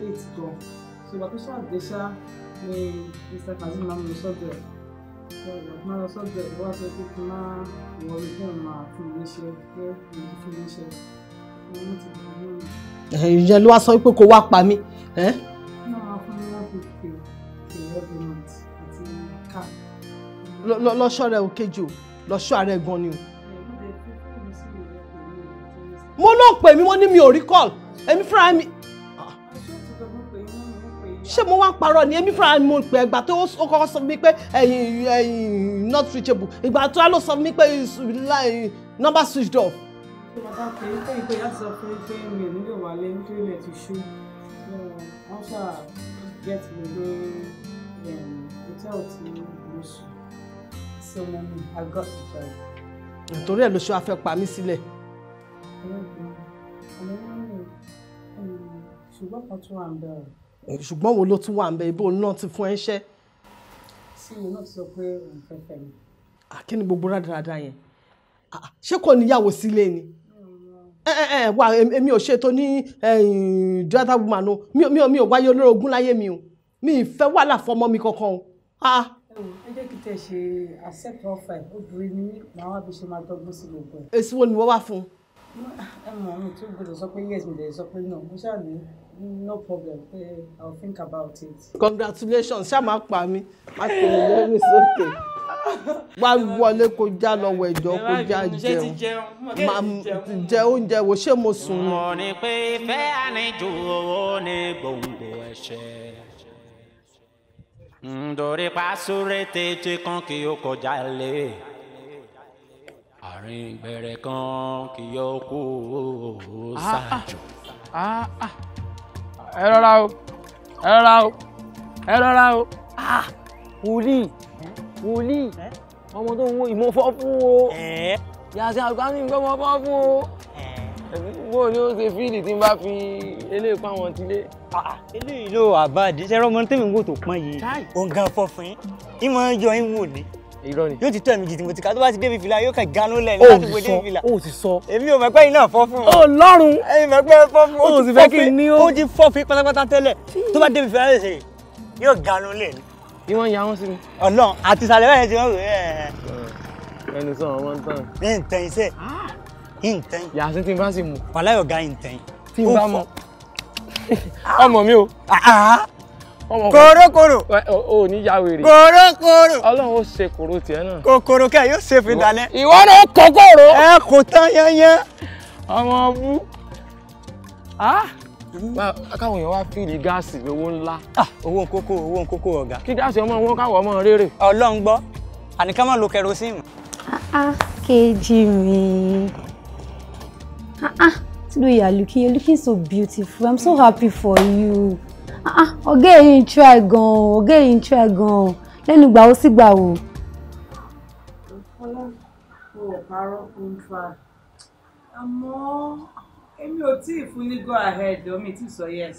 late gan ìgbà tó ṣáà dé ṣá ni Mr. Kazeem máa ń lọ sọ́dọ̀ ẹ̀ ìgbà tó máa lọ sọ́dọ̀ ẹ̀ wá sọ pé kí n má wọ orí fóònù máa fún mi ṣe pé mi ò fún mi ṣe mo ti bọ̀ mí. ìyẹn ló wá sọ pé kó wá pa mí. máa fún mi láti pè pè ẹ́bùmọ̀t àti ká. lọ́ṣọ́ rẹ̀ ò gan ni o. mo ló pè mí mo ní mi ò rí kọ́ọ̀lù èmi mi ṣé mo wá ń parọ́ ni èmi fúnra mi mo pè ẹgbà tó ó kọ́kọ́ sọ mi pé ẹ̀yìn ẹ̀yìn not reachable ìgbà tó á lọ sọ fún mi pé number switched off. bàbá kì í tẹ̀yìn pé láti sọ fún mi pé mi ò nílò nítorí ilẹ̀ get me lé um, hòtẹ́ẹ̀lì tí mo sùn sí ọmọ mi I got the job. nítorí ẹ̀ ló ṣe wá fẹ́ pa mí sílẹ̀. Um, ṣùgbọ́n kan tún wà ń bẹ̀rẹ̀. Eh, ṣùgbọ́n wo ló tún wà ń bẹ ibo náà ti fún ẹ ṣẹ́. sí mi náà sọ pé òun fẹ́ fẹ́ mi. kí ni gbogbo rádaràda yẹn ṣé kò níyàwó sílé ni eh, eh, wà èmi ò ṣètò ní jọ́dá woman o mi ò mi ò wáyé olórogún láyé mi o mi ì fẹ́ wàhálà fọmọ mi kankan o. ẹ jẹ́ kí tẹ̀ ṣe accept offer obìnrin ni màá wá bí ṣe máa dọ́gbọ́n sí gbogbo ẹ̀. èsì wo ni wọ́n wá fún un ẹ mọ mi tún gbọ́dọ̀ sọ yes mi lè sọ pé no mo ṣáà no problem pé i will think about it. congratulations ṣáà máa pa mi má pè mí lẹ́rìn sókè wá wọlé kó já lọ wọ ìjọ kó já jẹun jẹ oúnjẹ wo ṣé mo sùn ni. mo ní pé ìfẹ́ àníjù owó ní gbòǹgbò ẹ̀ṣẹ̀ nítorí pàṣẹ rẹ̀ tètè kan kí o kọjá lé àárín gbẹ̀rẹ̀ kan kì yọ kó ah, ah, ṣáájú. Ah, ẹ rọra o ẹ rọra o ẹ rọra o wòlíì wòlíì ọmọ tó ń wo ìmọ̀ fọ́ fún o yàtí àgbáni ń gbọ́mọ fọ́ fún o bó ni ó ṣe fíìlì tí n bá fi eléyìí pa wọn tilé. eléyìí ló àbá àdìsẹ́rọ́mọ tẹ́mi ń wò tó pọ́n yìí òǹgàn fọ́fin ìmọ̀ ń yọ ni irọ́ ni. yóò ti tó ẹ̀mí jìtì mo ti ká tó bá ti débi fìlà yóò kàn ganu lẹ̀ ní láti wo débi fìlà. o ti sọ. èmi ò mọ̀ pé iná fọ́ fún ọ. o lọ́rùn. èmi mọ̀ pé fọ́ fún o ti fẹ́ kí n ní o. o ti fọ́ fi pátápátá tẹ́lẹ̀ tó bá débi fìlà ṣe yóò ganu lẹ̀ bí wọ́n ya wọ́n sí mi. ọ̀nà àti ìsàlẹ̀ bẹ́ẹ̀ ti wọ́n wò ẹ́. ẹni sọ wọn máa ní ntẹ̀ iṣẹ́ kòrókòrò o oh, oh, ní ya wèrè kòrókòrò ọlọ́run ó ṣe kòró tiẹ̀ náà kòkòrò kẹ́ yóò ṣe fún ìdálẹ́ ìwọ ló kòkòrò ẹ kò tán yányán ọmọ bú káwọn èèyàn wá fíìlì gáàsì owó ńlá owó nkókó owó nkókó ọ̀gá kí gáàsì ọmọ wọn káwọ ọmọ rere ọlọ́run gbọ́ àníká má lo kerosene. kejì mi ah ah Tinubu you are looking you looking so beautiful I'm so happy for you. Ah, ah, ọ̀gá yìí ń try gan-an ọ̀gá yìí ń try gan-an lẹ́nu gbà ó sì gbà wò. àmọ́ èmi ò tí ì fún ní go ahead omi tí sọ yes.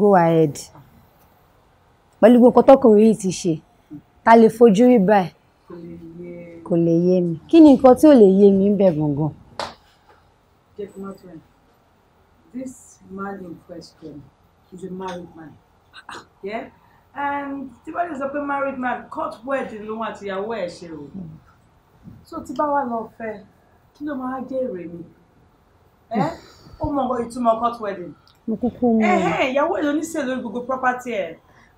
go ahead pẹ̀lú gbogbo tọkùnrin yìí ti ṣe ta lè fojú rí báyìí kò lè yé mi kí ni nǹkan tí ò lè yé mi ń bẹ gangan. this man in question he's a married man yeah and tiba bá lè married man court wedding ló wọn àtìyàwó ẹ̀ ṣe o so tiba bá wà fair fẹ́ kí ló máa jẹ́ èrè mi ẹ ó mọ ìtumọ̀ court wedding mo kúkú mọ ìyàwó ni se lórí gbogbo property ẹ̀.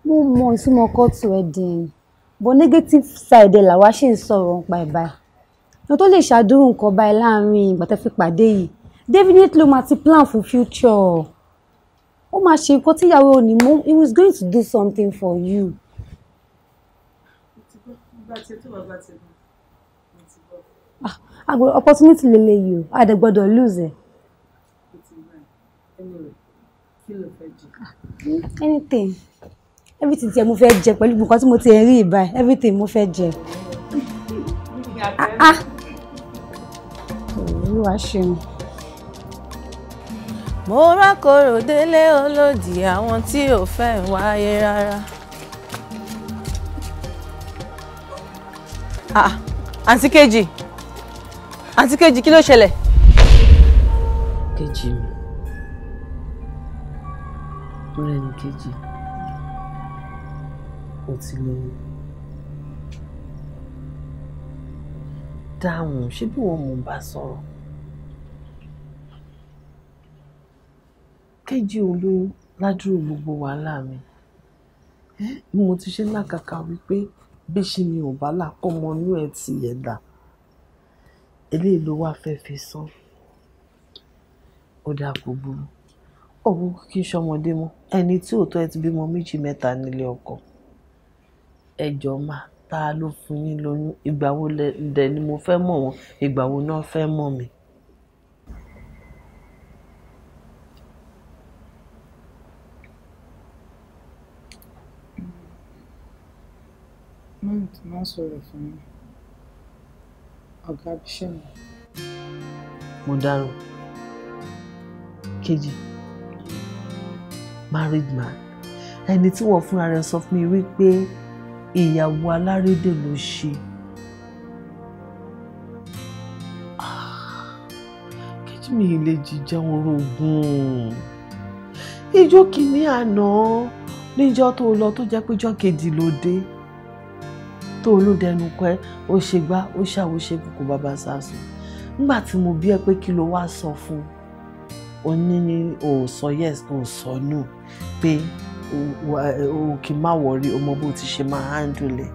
mo mọ ìtumọ̀ court wedding but negative side ẹ̀ làwa ṣì ń sọ̀rọ̀ nípa ẹ̀ báyìí lọ tó lè ṣàdúró nǹkan báyìí láàrin ìgbà tẹ́ fi pàdé yìí definitely ló ti plan for future ó máa ṣe nǹkan tíyàwó òní mú he was going to do something for you. àgbẹ̀ ah, opportunity lele yìí o àdè gbọ́dọ̀ lose ẹ̀. Ah, anything everything tí mo fẹ́ jẹ pẹ̀lú nǹkan tí mo ti rí ìbá everything mo fẹ́ jẹ. ah ah. You are shame mo rákòrò délé olódì àwọn tí ò fẹ́ ń wáyé rárá. Ah, àǹtí kejì àǹtí kejì kí ló ṣẹlẹ̀. kejì mi mo rẹ̀ ní kejì ó ti lóyún. dáhùn ṣé bí wọn mò ń bá sọ̀rọ̀. kejì òun ló ládùúrò gbogbo wàhálà mi bí mo ti ṣe lákàkà wípé bí ṣe ni ò bá là kọ́mọ inú ẹ̀ ti ẹ̀dà eléyìí ló wáá fẹ́ fi san ó dáa kó burú òun kì í ṣọmọdé mọ́ ẹni tí òótọ́ ẹ ti bímọ méjì mẹ́ta nílé ọkọ ẹ jọ̀ọ́ mà ta ló fún yín lóyún ìgbà wo dẹ̀ ni mo fẹ́ mọ̀ wọ́n ìgbà wo náà fẹ́ mọ̀ mí Mọ́mì tó máa ń sọ̀rọ̀ fún mi. Ọ̀gá abiṣẹ́ Married man. Ẹni tí wọ́n fúnra rẹ̀ sọ fún mi wípé ìyàwó alárédè ló ṣe. Kejì mi lè jíjẹ́ orogún. Ijó kìíní àná níjọ́ tó lọ tó jẹ́ péjọ́ kejì ló dé tó olódẹnu kọ ẹ ó ṣe gbá ó ṣàwó ṣe kókó bàbá sàásùn nígbà tí mo bi ẹ́ pé kí ló wá sọ fún ó ní ní ò sọ yes ò sọ no pé o kì í má wọrí o mọ bó ti ṣe máa handle ẹ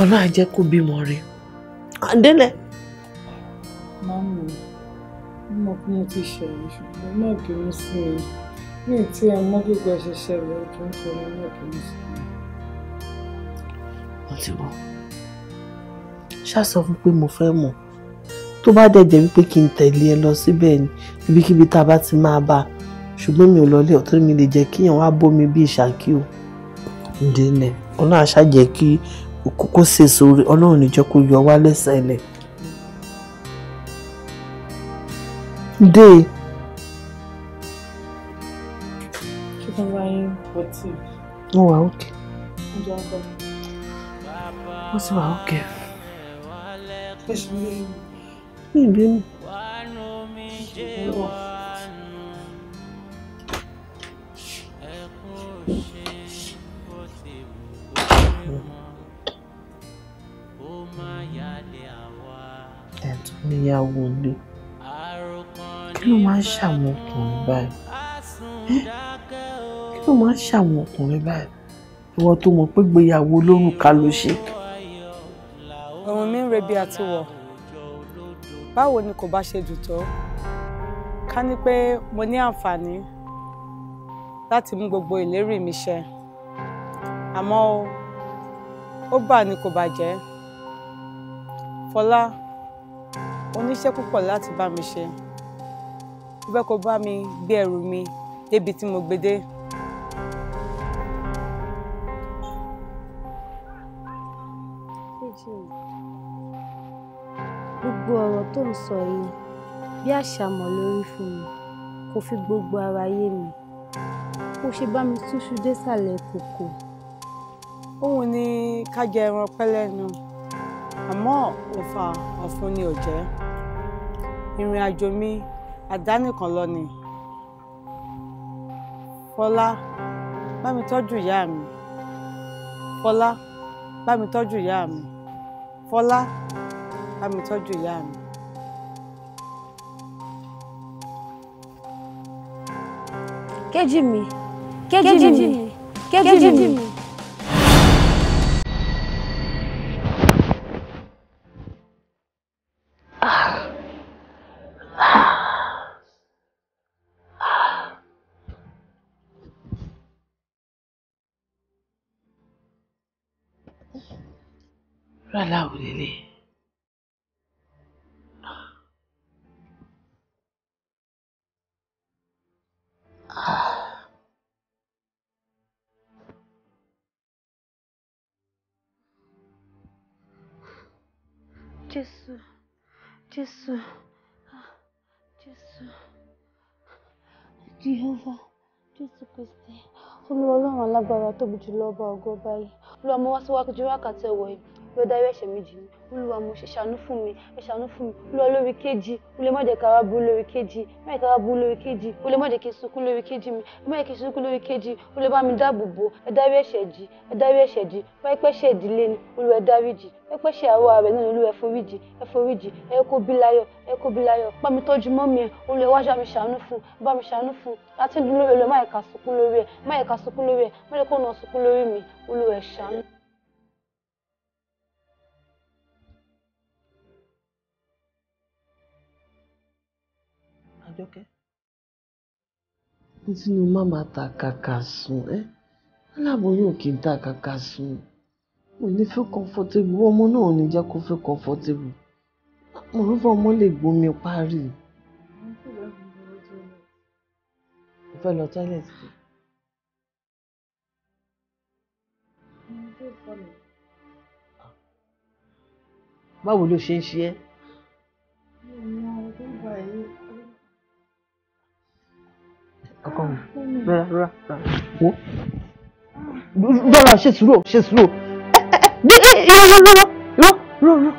ọlọ́run á jẹ́ kó bímọ rẹ àdélẹ̀. máa ń mọ̀ mo mọ̀ pé mo ti ṣẹ̀yìn ṣùgbọ́n náà bínú sí mi ní tí ẹ mọ gbígbẹ ṣe ṣẹlẹ̀ ó tún fún mi ní ọkàn fún pé mo fẹ́ mọ̀ tó bá dẹ̀ jẹ́ wípé kí n tẹ̀lé ẹ lọ síbẹ̀ ni ibikíbi tá a bá ti máa bá a ṣùgbọ́n mi ò lọlé ọ̀tọ́ mi lè jẹ́ kíyàn wá bómi bíi ṣàkí o ǹdẹ́nẹ ọlọ́run aṣájẹ́ kí kókó ṣe sórí ọlọ́run níjọ́ kó yọ wá lẹ́sẹ̀ lẹ̀. ǹdẹ́ mo wà òkè mo sì wà òkè mi bínú. ẹ̀tún ìyàwó ilé kí ló máa ń ṣàwọn ọkùnrin báyìí ló máa ń ṣàwọn ọkùnrin báyìí ìwọ tó mọ̀ pé gbéyàwó olórùka ló ṣe. òun mi ń rebi àti wọ̀ báwo ni kò bá ṣe dùn tó ká ní pé mo ní àǹfààní láti mú gbogbo ìlérí mi ṣẹ àmọ́ ó bà ní kò bàjẹ́ Fọlá oníṣẹ́ púpọ̀ láti bá mi ṣe ó fẹ́ kó bá mi gbé ẹrù mi débi tí mo gbé dé. gbogbo ọ̀rọ̀ tó ń sọ yìí bí àṣàmọ̀ ló rí fún mi kò fi gbogbo ara yé mi kò ṣe bá mi túṣu désàlẹ̀ kòkò. òun ni ká jẹ ẹran pẹ́lẹ́nu àmọ́ òfà ọ̀fun ni ò jẹ́ ìrìn àjò mi àdánìkan lọ ni fọlá bá mi tọ́jú ìyá mi fọlá bá mi tọ́jú ìyá mi fọlá bá mi tọ́jú ìyá mi. Kejì mi, kejì mi, kejì mi. jésù jésù jehova jésù kristi olúwa ọlọ́run alágbára tóbi jùlọ ọba ògo ọba yìí olúwa mo wá síwájú wákàtí ọwọ́ yìí bí ó dárí ẹ̀ṣẹ̀ mi jì olúwa mo ṣe ṣàánú fún mi ẹ ṣàánú fún mi olúwa lórí kejì o lè má jẹ́ kára burú lórí kejì má jẹ́ kára burú lórí kejì o lè má jẹ́ kí n sunkún lórí kejì mi má jẹ́ kí n sunkún lórí kejì o lè bá mi dáàbò bò ẹ dárí ẹ̀ṣẹ̀ jì ẹ dárí ẹ̀ṣẹ̀ jì pẹ́pẹ́ ṣe ìdílé ni olúwa ẹ dárí jì pẹ́pẹ́ ṣe àwọ̀ rẹ̀ náà ni forí jì ẹ forí jì ẹ kó bí láyọ̀ ẹ kó bí láyọ̀ bá mi tọ́jú mọ́ mi ẹ olúwa wá ṣàánú fún bá mi ṣàánú fún láti lórí ẹ má jẹ́ ká sunkún lórí ẹ má jẹ́ ká sunkún lórí ẹ má jẹ́ kó nà sunkún lórí mi olúwa ṣàánú. Àjọkẹ́. ní sínú máma ta kàkà sùn ẹ́ aláboyún ò kì í ta kàkà sùn mo ní fẹ́ kọ́ńfọ́tébù ọmọ náà ò ní jẹ́ kó fẹ́ kọ́ńfọ́tébù mo rúfọ ọmọ lè gbomi parí. mo fẹ́ lọ tọ́lẹ̀tì. báwo ló ṣe ń ṣe ẹ́. ọkọ mi rọra rọra wo rọra ṣe sùúrù ṣe sùúrù ẹ ẹ rọ rọ rọ rọ rọ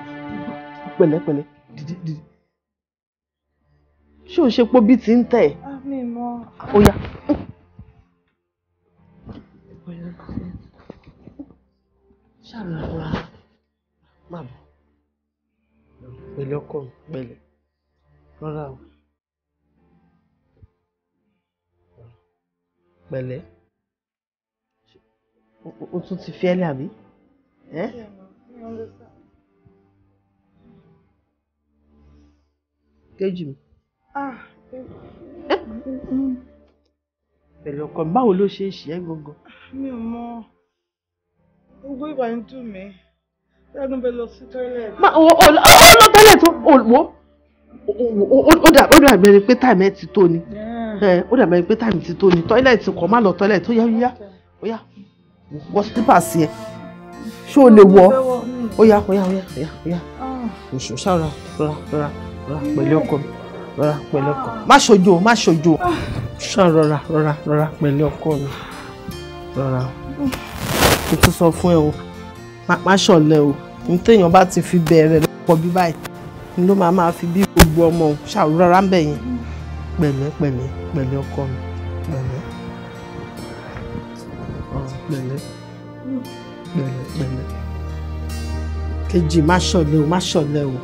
pẹ̀lẹ́ pẹ̀lẹ́ dìde dìde ṣé o ṣe pé bí ti ń tẹ ẹ ah, ó yá. ṣàlùwà má bọ̀ pẹ̀lẹ́ ọkọ mi pẹ̀lẹ́ rọra o. pẹ̀lẹ́ o tún ti fi ẹlẹ àbí. kejì mi. Ah, pẹ̀lú ọkọ mi báwo ló ṣe ń ṣe é gbogbo. mi ò mọ gbogbo ìgbà ń dùn mí lẹ́nu bẹ lọ sí tọ́ílẹ̀tì. ó lọ tọ́ílẹ̀tì o wò ó dàbí ẹni pé táìmù ẹ ti tó ni. Yeah ẹ ó dàbẹ̀ pé táìmù ti tó ni tọ́ílẹ̀tì kọ̀ má lọ tọ́ílẹ̀tì ó yá yá ó yá wọ sípàsì ẹ ṣé o lè wọ ó yá ó yá ó yá ó yá ó yá oṣù ṣàrà rà rà rà pẹ̀lú ọkọ mi rọra pẹ̀lú ọkọ má ṣojo má ṣojo ṣá rọra rọra rọra pẹ̀lú ọkọ mi rọra kò tún sọ fún ẹ o má ṣọ̀lẹ o ní téèyàn bá ti fi bẹ̀rẹ̀ lọ́pọ̀ bí báyìí ni ló máa máa fi bí gbogbo ọmọ ṣàrọra ń bẹ̀ pẹ̀lẹ́ pẹ̀lẹ́ pẹ̀lẹ́ ọkọ mi pẹ̀lẹ́ pẹ̀lẹ́ pẹ̀lẹ́ pẹ̀lẹ́ kejì má ṣọ̀lẹ o má ṣọ̀lẹ o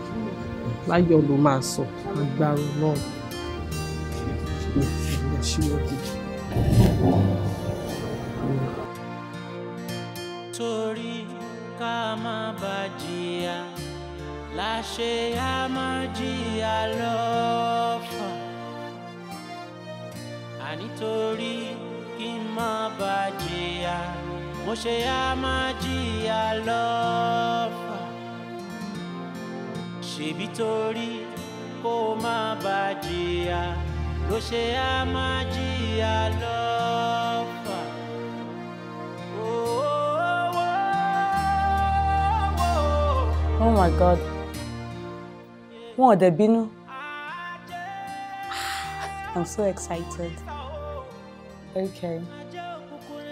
láyọ̀ ló máa sọ agbára náà ìpìlẹ̀ síwájú. torí ká má bà jìyà láṣẹ á má jìyà lọ́fà ànítorí kí n má bàa jìyà mo ṣe á máa jìyà lọ́fà ṣèbí torí kó má bàa jìyà ló ṣe á máa jìyà lọ́fà. Oh my God wọn ò dẹ̀ bínú ah, I'm so excited okay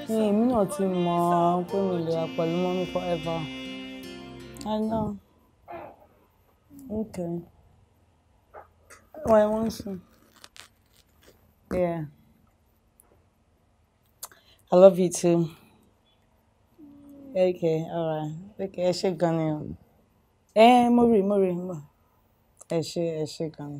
ni èmi náà ti mọ̀ ọ́ pé mo lè forever I know okay why wọ́n sùn yeah I love you too okay All right. okay I should gan ni Eh, ẹ mo rí mo rí I should, ṣé ẹ ṣé gan ni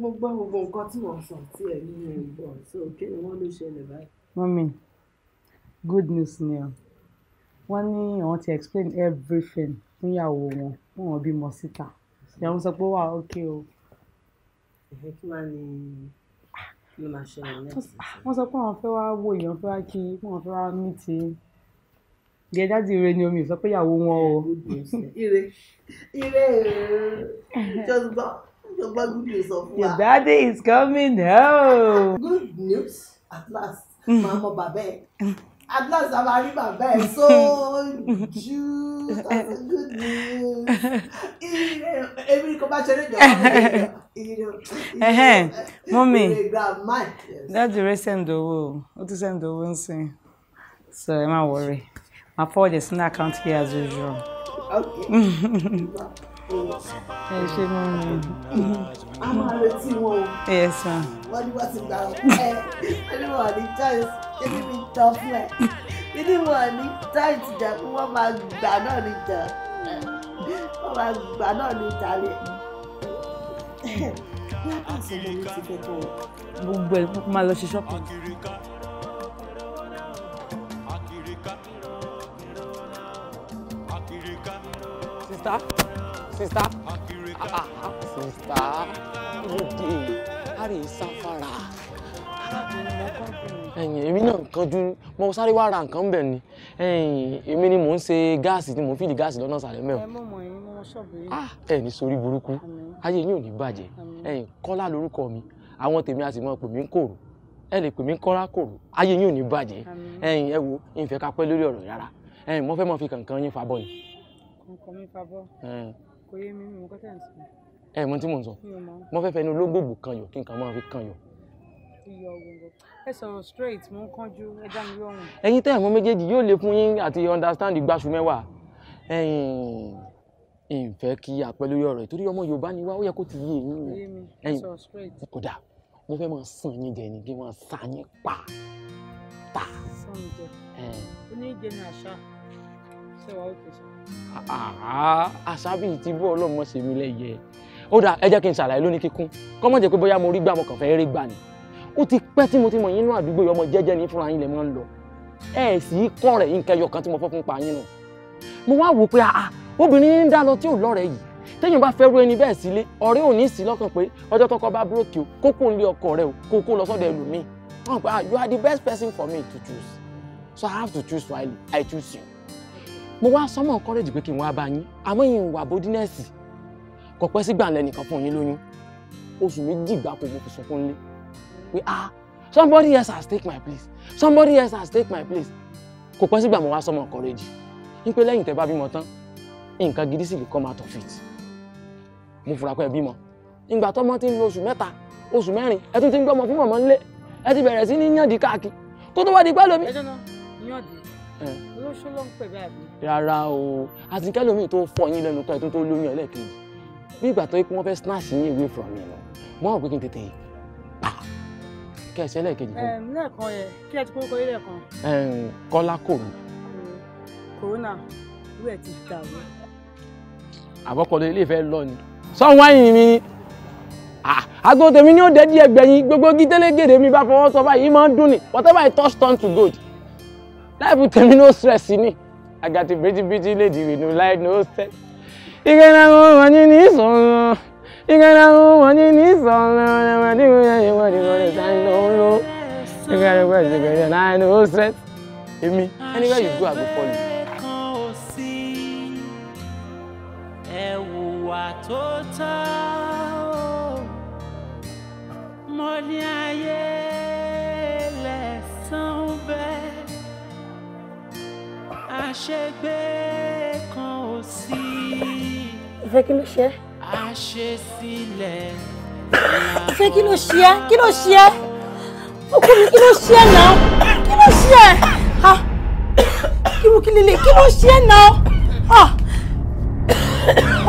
mo gbọ́ gbogbo nǹkan tí wọ́n sọ tí ẹ̀ nínú ìbọn so kí ni wọ́n ló ṣẹlẹ̀ báyìí. mọ́mí good news ni ọ wọ́n ní àwọn ti explain everything fún ìyàwó wọn fún wọn bímọ síta ìyàwó sọ pé wà á ókè o. ẹ̀hẹ́ kí wàá ní ló máa ṣẹlẹ̀ lẹ́sìn. wọ́n sọ pé àwọn fẹ́ wá wo èèyàn fẹ́ wá kí wọ́n fẹ́ wá ní ti gẹ̀ẹ́dájì ire ni omi ìsọpẹ́yàwó wọn o. ire ire just gbọ́. Ogbagudre sọ fún wa. Your daddy is coming home. Good news at last. Mama mọ mm. At last I'm having rí bàbá so juice that's a good news. Èmi kò bá ṣeré jọ ọmọ Mọ́mí, dáàdì rẹ̀ send owó, ó tún send owó ń sìn. So ẹ má worried? My forward it sínú account here as usual. Okay. ẹ ṣe mọ mi. a máa retí wọn o. ẹ sà. wọ́n ní wọ́n ti gbà ẹ ẹni wọ́n ní tight ẹni mi tán fún ẹ ẹni wọ́n ní tight jà kí wọ́n máa gbà náà ní jà wọ́n máa gbà náà ní jà lẹ. gbogbo ẹ̀ kó máa lọ ṣe shopping. Sister. Sister, sister, lóde àrè sáfara ẹ̀yin èmi náà kanjú mo sáré wá ra nǹkan bẹ̀ ni ẹ̀yin èmi ni mò ń ṣe gáàsì ni mò ń fìdí gáàsì lọ́nà sàlẹ̀ mẹ́wọ̀n. Ah, ẹ ní sórí burúkú ayé yín ò ní bàjẹ́ ẹ̀yin kọ́lá lórúkọ mi àwọn tèmi a sì mọ̀ pè kòrò ẹ lè pè kọ́lá kòrò ayé yín ò ní bàjẹ́ ẹ̀yin ẹ wo ìfẹ́ ká lórí ọ̀rọ̀ rárá ẹ̀yin mo fẹ́ mọ̀ fi kankan yín fa bọ́ ni. kankan mi fa bọ́ kò yé mi mi mọ̀ kọ́tà ń sọ. ẹ mọ tí mò ń sọ mo fẹ́ fẹ́ inú ológbòbò kan yọ kí nǹkan máa fi kan yọ. iyọ̀ gbogbo ẹ sọ̀rọ̀ straight mo ń kánjú ẹ dá mi lọ́rùn. ẹ̀yin tẹ́ ẹ̀mọ́ méjèèjì yóò lè fún yín àti understand gbàṣù mẹ́wàá ẹ̀yin ìfẹ́ kí apẹ́ lórí ọ̀rọ̀ ìtorí ọmọ Yorùbá ni wá ó yẹ kó ti yé yín ẹ̀yin kódà mo fẹ́ máa sàn yín jẹ ni kí wọ́n sàn yín pa ta. sàn jẹ oníjẹ ni àṣà ṣé wàá ó kẹsàn àṣàbí ah, ti bọ́ ọlọ́mọ ṣe mí lẹ́yẹ ó dà ẹ jẹ́ kí n ṣàlàyé lónìí kíkún kọ́ mọ̀ jẹ́ pé bóyá mo rí gbà mo kàn fẹ́ rí gbà ni ó ti pẹ́ tí mo ti mọ̀ yín inú àdúgbò yìí jẹ́jẹ́ ní fúnra yín lẹ̀ máa ń lọ ẹ sì kọ́ rẹ̀ yín kẹyọ kan tí mo fẹ́ fún pa yín nù mo wá wò pé àà ah, ah, obìnrin ń dá lọ tí ò lọ́rẹ̀ yìí téèyàn bá fẹ́ rú ẹni bẹ́ẹ̀ sílé ọ̀rẹ́ ò ní sí lọ́kàn pé ọjọ́ tọkọ bá búròkì o kó ń lé ọkọ rẹ o kó lọ sọ́dọ̀ ẹlòmíì wọn pe you are the best person for me to choose so I have to choose wisely I choose you mo wá sọmọ kọ́rẹ́jì pé kí n wá bá yín àmọ́ yín wà bódínẹ́sì kò pẹ́ sígbà ńlẹ̀ nìkan fún yín lóyún oṣù méjì gbáko mo fi sunkún lé pé ah somebody else has take my place somebody else has take my place kò pẹ́ sígbà mo wá sọmọ kọ́rẹ́jì ní pé lẹ́yìn tẹ́ bá bímọ tán nǹkan gidi sì lè come out of it mo fura pé ẹ bímọ ìgbà tọ́mọ ti ń lo oṣù mẹ́ta oṣù mẹ́rin ẹ tún ti ń gbọ́mọ fún mọ̀mọ́ ńlé ẹ ti bẹ̀rẹ̀ sí ní yànjú káàkiri tó tó wá di pẹ́ lómi. ẹ jẹ́ náà yànjú olóṣó ló ń pè bẹ́ẹ̀ bí. rárá o àti kẹlòmíì tó fọ yín lẹ́nu kan tó tó lóyún ẹlẹ́ẹ̀kejì bí ìgbà tó yẹ kí wọ́n fẹ́ snatch yín away from me lọ mọ́ ọ̀ pé kí n tètè pa kẹsẹ̀ ẹlẹ́ẹ̀kejì fún mi. lẹ́ẹ̀kan yẹn kí ẹ ti kórúkọ yín lẹ́ẹ̀kan. kọ́lá kòrò. kòrónà ìwé ẹ̀ ti dàrú. àbọ̀kọ̀lẹ̀ ilé ìfẹ́ lọ ni sọ́hun wáyìn mi àgọ́ tèmi ni ó dẹ́ díẹ̀ gbẹ̀yìn gbogbo gítẹ́lẹ́gẹ̀dẹ̀ mi bá fọwọ́ sọ báyìí máa ń dùn ni whatever I touch turn to gold láìpù tèmi no stress ni àgàtì bìtìbìtì lè dìrì nù láì no stress. ìkànnì àwọn ọmọ ní ní ìsọ̀rọ̀ ìkànnì àwọn ọmọ ní ní ìsọ̀rọ̀ ọmọ ní ìwé ẹ̀yìn wọ́n ti kọ́ni sáyẹn ló ń lò ìkànnì àwọn ọmọ ní ìsọ̀rọ̀ láì no stress. èmi anywhere you go I go follow you. ẹ̀wùwà ayé. àṣegbé kan ò sí. ìfẹ́ kí ló ṣe é. àṣesílẹ̀ ìfẹ́ kí ló ṣe é kí ló ṣe é ọkọ mi kí ló ṣe é náà kí ló ṣe é ha irú kí lélẹ̀ kí ló ṣe é náà ha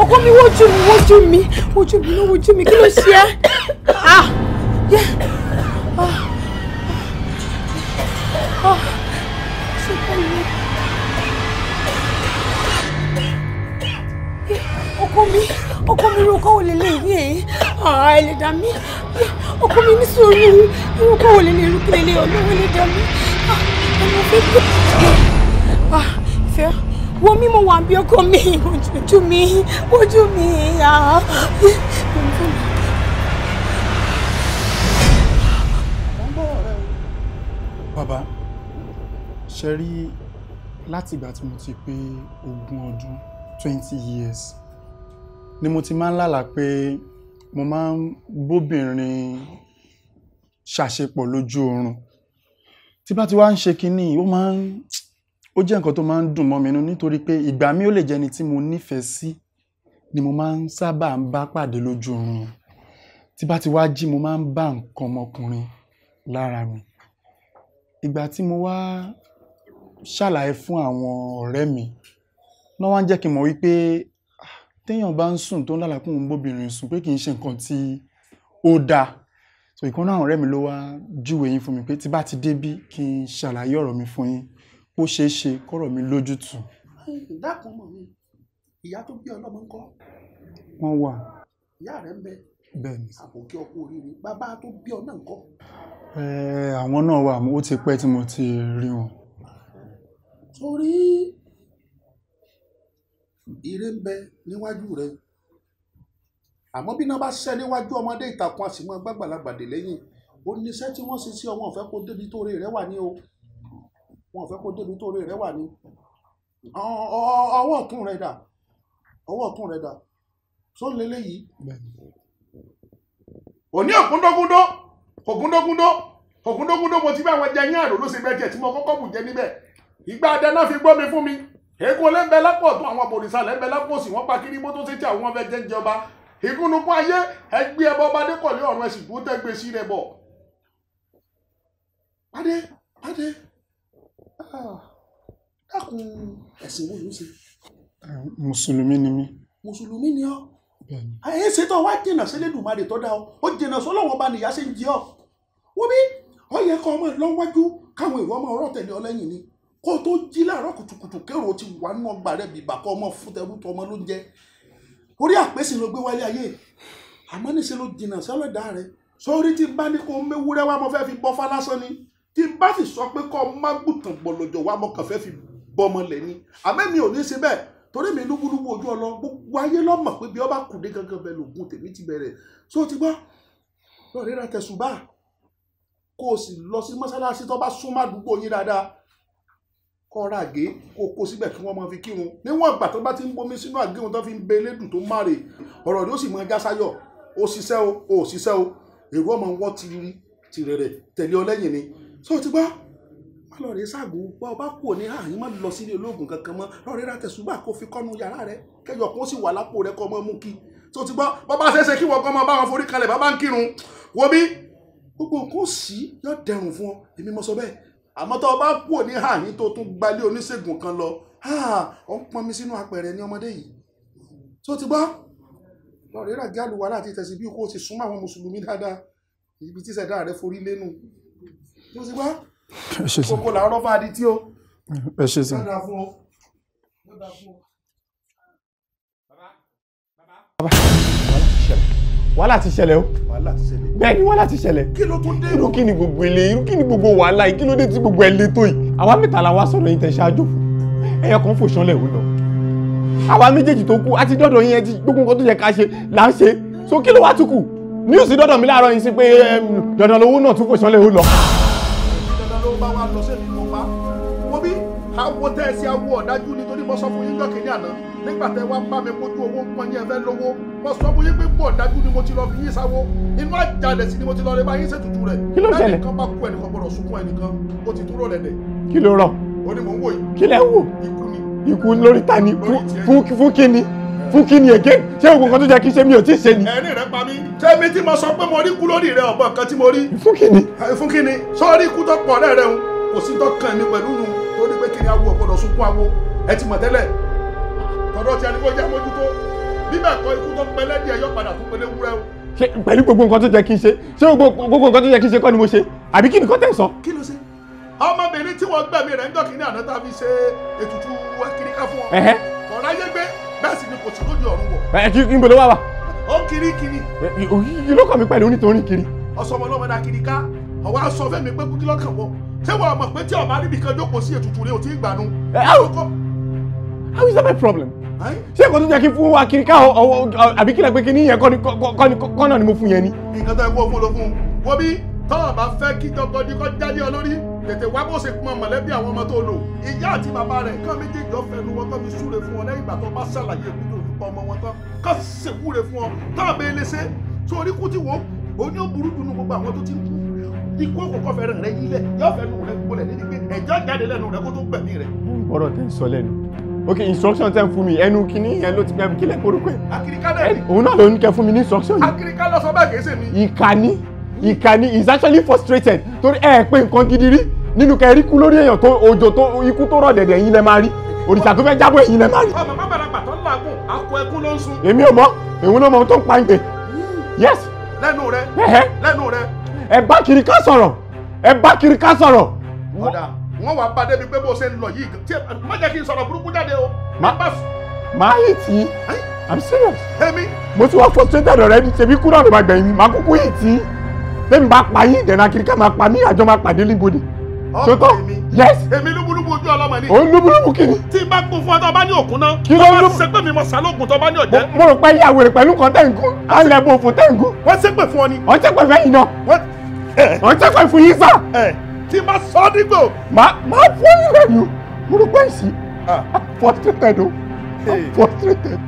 ọkọ mi wojú mi wojú mi wojú mi ló wojú mi kí ló ṣe é ha yẹ ha ha ṣe ọkọ mi ọkọ mi irú ọkọ wo lè lè rí ẹ ẹlẹ́dàá mi ọkọ mi ní sùúrù irú ọkọ wo lè lè irú kílẹ̀ lè olówó ẹlẹ́dàá ah, ọmọ fẹ́ gbé ah, ìfẹ́ wo mi wà bí ọkọ mi ojú mi ojú mi ah, bàbá ṣe rí látìgbà tí mo ti pé ogún ọdún twenty years ni mo ti máa ń lálàá pé mo máa ń bóbìnrin ṣàṣepọ̀ lójú oorun tí bá ti wá ń ṣe kinní ó máa ń ó jẹ́ nǹkan tó máa ń dùn mọ́ mi nú nítorí pé ìgbà mi ó lè jẹ́ ẹni tí mo nífẹ̀ẹ́ sí ni mo máa ń sábà ń bá pàdé lójú oorun tí bá ti wá jí mo máa ń bá nǹkan ọmọkùnrin lára mi ìgbà tí mo wá ṣàlàyé fún àwọn ọ̀rẹ́ mi náà wá ń jẹ́ kí n mọ̀ wípé téèyàn bá ń sùn tó ń lálàkùn ń bóbìnrin sùn pé kì í ṣe nǹkan tí ó dáa so ìkan náà ọ̀rẹ́ mi ló wá júwe yín fún mi pé tí bá ti débí kí n ṣàlàyé ọ̀rọ̀ mi fún yín ó ṣeé ṣe kọ́rọ̀ mi lójútùú. dákun mọ̀ mi ìyá tó bí ọlọ́mọ ń kọ́. wà. ìyá rẹ̀ ń bẹ. bẹ́ẹ̀ni. àbòkí ọkọ oríire bàbá tó bí ọ náà ń kọ́. àwọn náà wà ó ti pẹ́ tí mo ti rí wọn. torí ire ń bẹ níwájú rẹ àmọ́ bí náà bá ṣẹ́ níwájú ọmọdé ìtàkùn àsìmọ́ gbàgbàlagbàdè lẹ́yìn ó ní iṣẹ́ tí wọ́n ṣe sí ọ wọn ò fẹ́ kó débi tó rè rẹ wà ní o wọn ò fẹ́ kó débi tó rè rẹ wà ní ọwọ́ ọ̀tún rẹ dà ọwọ́ ọ̀tún rẹ dà tó lé léyìí òní ògúndógúndó ògúndógúndó ògúndógúndó mo ti bá àwọn jẹ yín àrò ló ṣe bẹ́ẹ̀ tiẹ̀ tí mo kọ́kọ́ bù jẹ níbẹ̀ ìgbà àdáná fi gbọ́ mi fún mi eégún lẹ́ńbẹ́ lápọ̀ tó àwọn abòrìṣà lẹ́ńbẹ́ lápò sí wọ́n pa kiri bó tó ṣe tí àwọn fẹ́ jẹ́ ìjọba ìkúnnukú ayé ẹgbẹ́ ẹbọ bá dékọ̀lé ọ̀run ẹ̀sìn tó tẹ́gbẹ́ sí rẹ̀ bọ̀. pàdé pàdé ah, dákun ẹ̀sìn wo ló ṣe. mùsùlùmí ni mí. mùsùlùmí ni ọ. ayé ṣètò wa jìnnà sélédùmarè tó dá ọ ó jìnnà sọlọ́wọ́n bá nìyá ṣe ń jẹ ọ. wọ́n bí ọ yẹ kọ́ ọmọ lọ́wọ́jú káwọn ìwọ́n ọmọ ọ̀rọ̀ tẹ̀lé ọ lẹ́yìn ni kó o tó jí láàárọ̀ kùtùkùtù kérò ti wà nínú ọgbà rẹ bìbà kọ́ ọmọ fúntẹ́rú tọ ọmọ lóúnjẹ orí àpèsè ló gbé wálé ayé àmọ́ níṣẹ́ ló jìnnà sẹ́lẹ̀dá rẹ sórí tí n bá ní kó o méwúrẹ́ wá mo fẹ́ fi bọ́ fálásán ni tí bá sì sọ pé kọ́ má gbùtàn gbọ̀lọ̀jọ̀ wá mo kàn fẹ́ fi bọ́mọ lẹ̀ ni àmẹ́mi ò ní ṣe bẹ́ẹ̀ torí mi lúgbúlúgbú ojú ọlọ gbogbo ayé lọ́mọ̀ pé bí ọba kùdé gangan bẹ lògùn tèmi ti bẹ̀rẹ̀ so ti gbọ́ lọ́ọ̀rẹ́ra tẹ̀sùbà kó o sì lọ sí mọ́sálásí tó bá súnmọ́ àdúgbò yín dáadáa kọ́ra gé kó kó síbẹ̀ kí wọ́n máa fi kírun níwọ̀n ìgbà tó bá ti ń bomi sínú àgéhùn tó fi ń belédùn tó máre ọ̀rọ̀ ni ó sì mọ ẹja sáyọ̀ ó ṣiṣẹ́ o ó ṣiṣẹ́ o èrò ọmọ wọn ti rí ti rẹ̀rẹ̀ tẹ̀lé ọ lẹ́yìn ni sọ ti gbọ́ má lọ rè ságùn bá ọba kú òní àyín má lọ sílé olóògùn kankan mọ́ lọ́ọ̀rẹ́ rà tẹ̀sùbà kó fi kọ́nu yàrá rẹ kẹjọ kó sì wà lápò rẹ kọ́ mọ́ mú kí tó ti gbọ́ bàbá ṣẹṣẹ kí wọ́n kọ́ máa bá wọn forí kalẹ̀ bàbá ń kírun wo bí gbogbo nǹkan sí yọ dẹrùn fún ọ èmi mọ sọ bẹ́ẹ̀ àmọ́ tó o bá kúrò ní àyín tó tún gbalé oníṣègùn kan lọ ọ ń pọnmi sínú apẹ̀rẹ̀ ní ọmọdé yìí tó ti gbọ́ lọ́ọ̀rẹ́ rà gí àlùwà láti tẹ̀sí bí kò ti súnmọ́ àwọn mùsùlùmí dáadáa ibi tí sẹ̀dá rẹ̀ forí lẹ́nu tó ti gbọ́ kókó làárọ̀ bá di tí ó dáadáa fún ọ. Baba, baba. Baba, baba wàhálà ti ṣẹlẹ̀ o. wàhálà ti ṣẹlẹ̀. bẹ́ẹ̀ ni wàhálà ti ṣẹlẹ̀. kí ló tó dé. irú kí ni gbogbo èlé irú kí ni gbogbo wàhálà yìí kí ló dé tí gbogbo ẹ̀ lé tó yìí. àwa mẹ́ta la wá sọ̀rọ̀ yín tẹ̀ ṣáájú fún ẹyọ kan fòṣán lẹ̀ wọ́n lọ. àwa méjèèjì tó kù àti dọ́dọ̀ yín ẹ ti gbogbo nǹkan tó yẹ ká ṣe là ń ṣe so kí ló wá tún kù níwùsì mi láàárọ̀ yìí sí pé dandan lowó náà tún fòṣán lẹ̀ wọ́n lọ. dandan ló bá wa lọ sí mo sọ fún yín jọ́kìnní àná nígbà tẹ́ wá ń bá mi kojú owó ń pọn yín ẹ̀fẹ́ lówó mo sọ fún yín pé mo dájú ni mo ti lọ fi yín sáwó inú àjàlẹ̀ sí ni mo ti lọ rẹ bá yín ṣètùtù rẹ̀ kí ló ṣẹlẹ̀ ẹnìkan bá kú ẹnìkan gbọdọ̀ sunkún ẹnìkan ó ti dúró lẹ̀lẹ̀. kí ló rọ ó ní mò ń wò yìí kí lẹ wò ikú ni ikú lórí ta ni fún kí ni fún kí ni èké ṣé oògùn kan tó jẹ́ kí ṣe mi ò tí ì ṣe ni. ẹni rẹ pa mí. ṣé mi tí mo sọ pé mo rí kú lórí rẹ ọ̀gbọ́n kan tí mo rí. fún kí ni. fún kí ni sọ rí kú tó pọ̀ rẹ̀ rẹ̀ ń kò sí tó kàn mí pẹ̀lú nù torí pé kí ni awo ọ̀gbọ́dọ̀ sunkún awo ẹ ti mọ̀ tẹ́lẹ̀ tọ́dọ̀ tí a ní kó jẹ́ mójútó bíbẹ̀ kọ́ ikú tó pẹ́lẹ́ díẹ̀ yọ padà tún pẹ́lẹ́ wúrẹ́ o. pẹ̀lú gbogbo nǹkan tó jẹ́ kí n ṣe ṣé gbogbo nǹkan tó jẹ́ kí n ṣe kọ́ ni mo ṣe àbí kí nìkan tẹ̀ sọ. kí ló ṣe ọmọbìnrin tí wọ́n gbẹ̀mí rẹ̀ ń dọ̀kì ní àná tàbí ṣe ètùtù akíríká fún ọ. ọ̀rá yé gbé bẹ́ẹ̀ sì ni kò sí lójú ọ̀run wọ̀. ẹ kí n bolo wá wa. ó ń kiri kiri. òyìnbó ló kàn mí pẹ̀lú nítorí kiri. ọ̀sọ̀mọ lọ́mọ da kiri ká ọ̀wá sọ fẹ́mi pé kúkí lọ́kàn wọ̀ ṣé wọ́n mọ̀ pé tí ọ̀ma níbi kan jókòó sí ètùtù rẹ̀ ò tí ì gbànú. ẹ á how is that my problem? ṣé kò tó jẹ́ kí fún wa kiri ká ọwọ́ àbí kílẹ̀ pé kíní yẹn kọ́nà ni mo fún yẹn ni. nǹkan tó yẹ kó fún ló fún un wọ́n bí tọ́wọ́ bá fẹ́ kí tọkọdí kọ́ jáde olórí tètè wá bó ṣe pọn mọ̀lẹ́bí àwọn ọmọ tó lò ìyá àti bàbá rẹ̀ kán méjèèjì ọ̀fẹ́ nu wọn tó fi súre fún ọ lẹ́yìn ìgbà tó bá ṣàlàyé ìbúdó orúkọ ọmọ wọn tán kán ṣèwúre fún ọ táwọn bẹ́ẹ̀ lè ṣe torí kú tí wọ́n ó ní ó burú dunu gbogbo àwọn tó ti ń kú ikú òkòkò fẹ́ràn rẹ yílẹ̀ yọ̀ọ́fẹ́ nu rẹ gbolẹ̀ nídìí pé ẹ̀jẹ̀ jáde lẹ́nu rẹ kó tó gbẹ̀mí rẹ. ọ̀rọ̀ tẹ́ ń sọ lẹ́nu ok instruction tẹ́ ń fún mi ẹnu kíní yẹn ló ti pẹ́ kí lẹ́ korúkọ ẹ̀. akirikálẹ̀ ni. òun náà ló ní kẹ́ mi ní instruction yìí. akirikálẹ̀ sọ bẹ́ẹ̀ kì mi. ìkànnì ìkànnì is actually frustrated torí ẹ pé nǹkan gidi rí nínú kẹ rí kú lórí Ojo. tó òjò tó ikú tó rọ̀ dẹ̀dẹ̀ yín lẹ máa rí òrìṣà tó fẹ́ jábọ̀ èyí lẹ máa rí. ọmọ bàbàràgbà tó ń làágùn akọ ẹkún ló ń sun. èmi ò mọ èmi ló mọ ohun tó ń pa ń gbè. yes. lẹ́nu rẹ lẹ́nu rẹ. ẹ bá kiri ká sọ̀rọ̀ ẹ bá kiri ká sọ̀rọ̀. ọ̀dà wọ́n wàá bá débi pé bó ṣe ń lọ yìí tí má jẹ́ kí n sọ̀rọ̀ burúkú jáde o. má má yìí tí i'm serious. èmi. mo ti wá frustrated already ṣebí kúrò àlọ́ àgbẹ̀yìn mi máa kúkú yìí tí lẹ́mi bá pa yín ìdẹ̀nà kiri máa pa mí àjọ máa pàdé níbodè. sọtọ yes. èmi lúbúlúbú ojú ọlọmọ ni. òun lúbúlúbú kí ni. tí bá kún fún ọ tó bá ní òkun náà. kí ló ló tó bá ṣépè mi mọ sálógun tó bá ní ọjẹ. mo rò pé ìyá wèrè pẹ̀lú kan tẹ̀gún alẹ́ bò fún tẹ̀gún. wọ́n ṣépè fún ọ ni. wọ́n ṣépè fún ẹ̀yin náà. wọ́n eh. ṣépè fún yín sá tí ma sọ ọ́ dígbò. màá màá fún yín lẹ́yìn mo rò pé ìsìn ah. frustrated o frustrated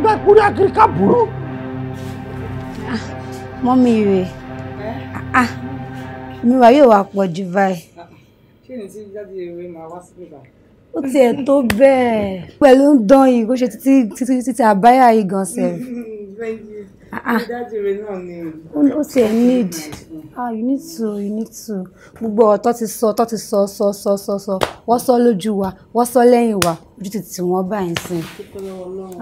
gbàgbórí agirika burú. Ah, mọ́mí rẹ̀ mi wà yóò wá pọ̀ jù báyìí. ṣé ní tí jáde ìwé máa wá sí ìgbà ó tiẹ̀ tó bẹ́ẹ̀ pẹ̀lú ń dán yìí kó ṣe títí títí àbáyà yìí gan sẹ́ẹ̀. Ah, ah. ó ti ẹ̀ need ah you need to you need to gbogbo ọ̀tọ́ ti sọ ọ̀tọ́ ti sọ sọ sọ sọ sọ wọ́n sọ lójú wa wọ́n sọ lẹ́yìn wa ojú ti tì wọ́n báyìí sí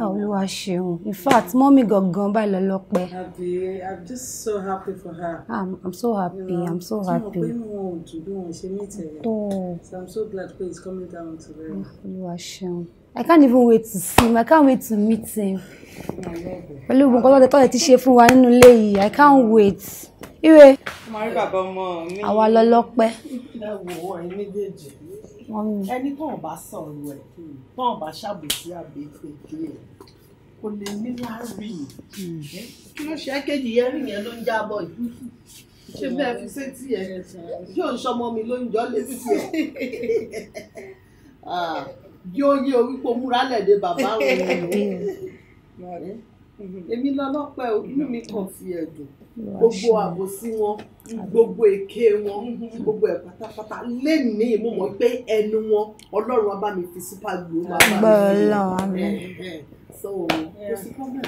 ah olúwa ṣeun in fact mọ́mí gangan báyìí lọ́lọ́pẹ́. àbí i'm just so happy for her. i'm, I'm so happy i'm so happy. tí mo pé mo ò dùn bí wọn ṣe ní ìtẹ̀lẹ̀ so i'm so glad pé it's coming down to them. Ah, olúwa ṣeun. I can't even wait to see him. I can't wait to meet him. Pẹ̀lú gbogbo ọlọ́dẹ tọ́lẹ̀ ti ṣe fún wa nínú ilé yìí. I can't wait. Ire. Màrí bàbá ọmọ mi. Àwa lọlọ́pẹ́. Ẹ̀wọ̀ ẹ̀yin méjèèjì. Ẹni tó ń bá sọ̀rọ̀ ẹ̀, tó ń bá ṣàbòsí àbí pèké ẹ̀, kò lè ní láàrí. Hmm. Kí ló ṣe ẹ́kẹ́jì yẹn rìn yẹn ló ń jábọ̀ yìí? Ṣé bẹ́ẹ̀ fi sétí ẹ̀? Yóò ń ṣọmọ mi lóúnjọ́ létí ẹ̀. Ah yóò yé orí kó múra lẹ́dẹ̀ bàbá òun èmi lọ́lọ́pẹ́ inú mi kàn fi ẹ̀dùn gbogbo àbòsí wọn gbogbo èké wọn gbogbo ẹ̀ pátápátá lénìí mo mọ̀ pé ẹnu wọn ọlọ́run á bá mi fi sípà gbòó máa bá mi fi so kò sí problem.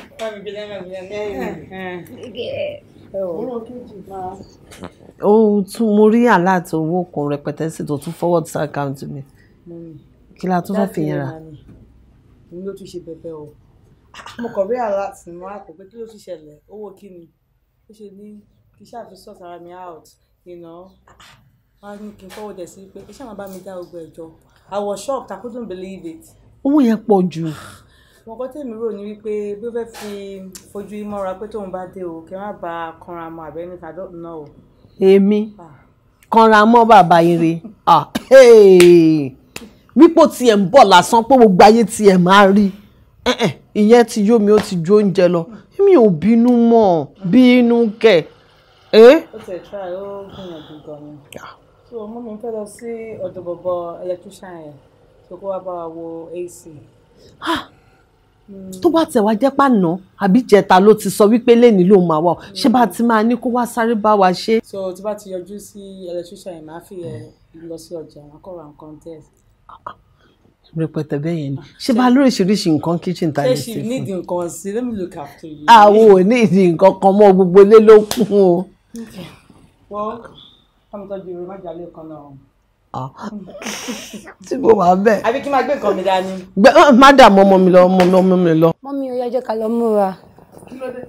ohun tún mo rí àlá àti owó kan rẹpẹtẹ sí tó tún forward sí àkáǹtì mi kí la tún fẹ́ fi yẹn rà. mi ló tún ṣe bẹbẹ o mo kàn rí àlá tí mo wá kó pé kí ló tún ṣẹlẹ̀ owó kí ni ó ṣe ní kí ṣáà fi sọ̀tà ara mi out iná wá ní kí n fọwọ́ dẹ̀ sí pé kí máa bá mi dá ogun ẹ̀jọ́ I was shocked I couldn't believe it. owó yẹn pọ̀ jù. wọn kọ́ tèmi rò ní wípé bí ó fẹ́ fi fojú mọ́ra pé tóun bá dé o kí n má ba kanra mọ́ àbẹ́ níta dọ́tun náà o. èmi ah. kanra mọ́ bàbá ire ah. Hey wípò tiẹ̀ ń bọ̀ lásán pé gbogbo ayé tiẹ̀ máa rí ìyẹn ti yó mi ó ti ju oúnjẹ lọ mi ò bínú mọ́ bínú kẹ̀. ó tẹ̀ try ó gbìyànjú gan-an so mú mi fẹ́ lọ sí ọ̀dọ̀ bọ̀bọ̀ electrician yẹn tó kó wá bá wa wo AC. Hmm. tó bá tẹ̀ wá jẹ́ pàná àbí jẹta ló ti sọ wípé lẹ́ni ló máa wà ṣé bá ti máa ní kó wá sáré bá wa ṣe. so tí bá ti yọjú sí electrician yẹn máa fi lọ sí ọjà wọn kọ́ ra nǹkan test rẹpẹtẹ bẹ́ẹ̀ yẹn ni ṣé bá lóríṣiríṣi nǹkan kitchen ta lè ṣe fún. ah, she need nǹkan sí let me look after you. àwọn ah, ò ní ìdí nǹkan kan mọ́ gbogbo ilé ló kún o. wọ́n kàmítọ́jú rẹ̀ má jalè kan náà ah. tí mo wà bẹ́ẹ̀. àbí kí n máa gbé nǹkan mi dání. gbẹ ah, má dààmú ọmọ mi lọ ọmọ mi ọmọ mi lọ. mọ́mí ó yá jẹ́ ká lọ múra. kí ló dé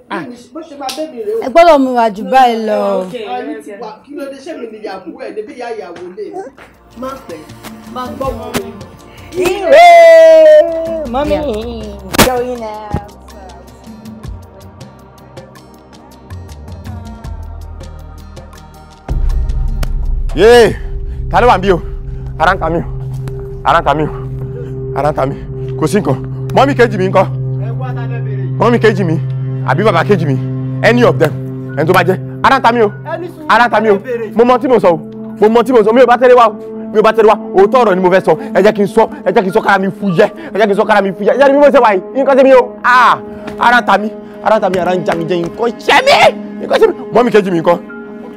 bó ṣe máa bẹ́ẹ̀ mi rè o. ẹ gbọ́dọ̀ múra jù báyìí lọ. kí ló dé ṣé mi nìyàwó ẹ̀ débi yá ìyàwó lè má pẹ́ máa gbọ́ wọn. ire mọ́mí ìjọ yín náà. yéé ta ló wà níbí o ara ń ta mí o ara ń ta mí o ara ń ta mí kò sí nǹkan mọ́mí kejì mi ńkọ́ mọ́mí kejì mi àbí bàbá kejì mi any of them ẹni tó bá jẹ́ ara ń ta mí o ara ń ta mí o mo mọ tí mo sọ o mo mọ tí mo sọ mi ò bá tẹ́lẹ̀ wá o bí o bá tẹ́lẹ̀ wá òótọ́ ọ̀rọ̀ ni mo fẹ́ sọ ẹ kí n sọ ẹ kí n sọ kára mi fúyẹ́ ẹ jẹ́ kí n sọ kára mi fúyẹ́ ẹ jẹ́ kí mọ̀ ṣe wáyé nǹkan ṣe mi o ah, ara ta mi ara ta mi ara ń ja mi jẹ nǹkan ṣẹ́ mi nǹkan ṣẹ́ mi mọ́mí kejì mi nǹkan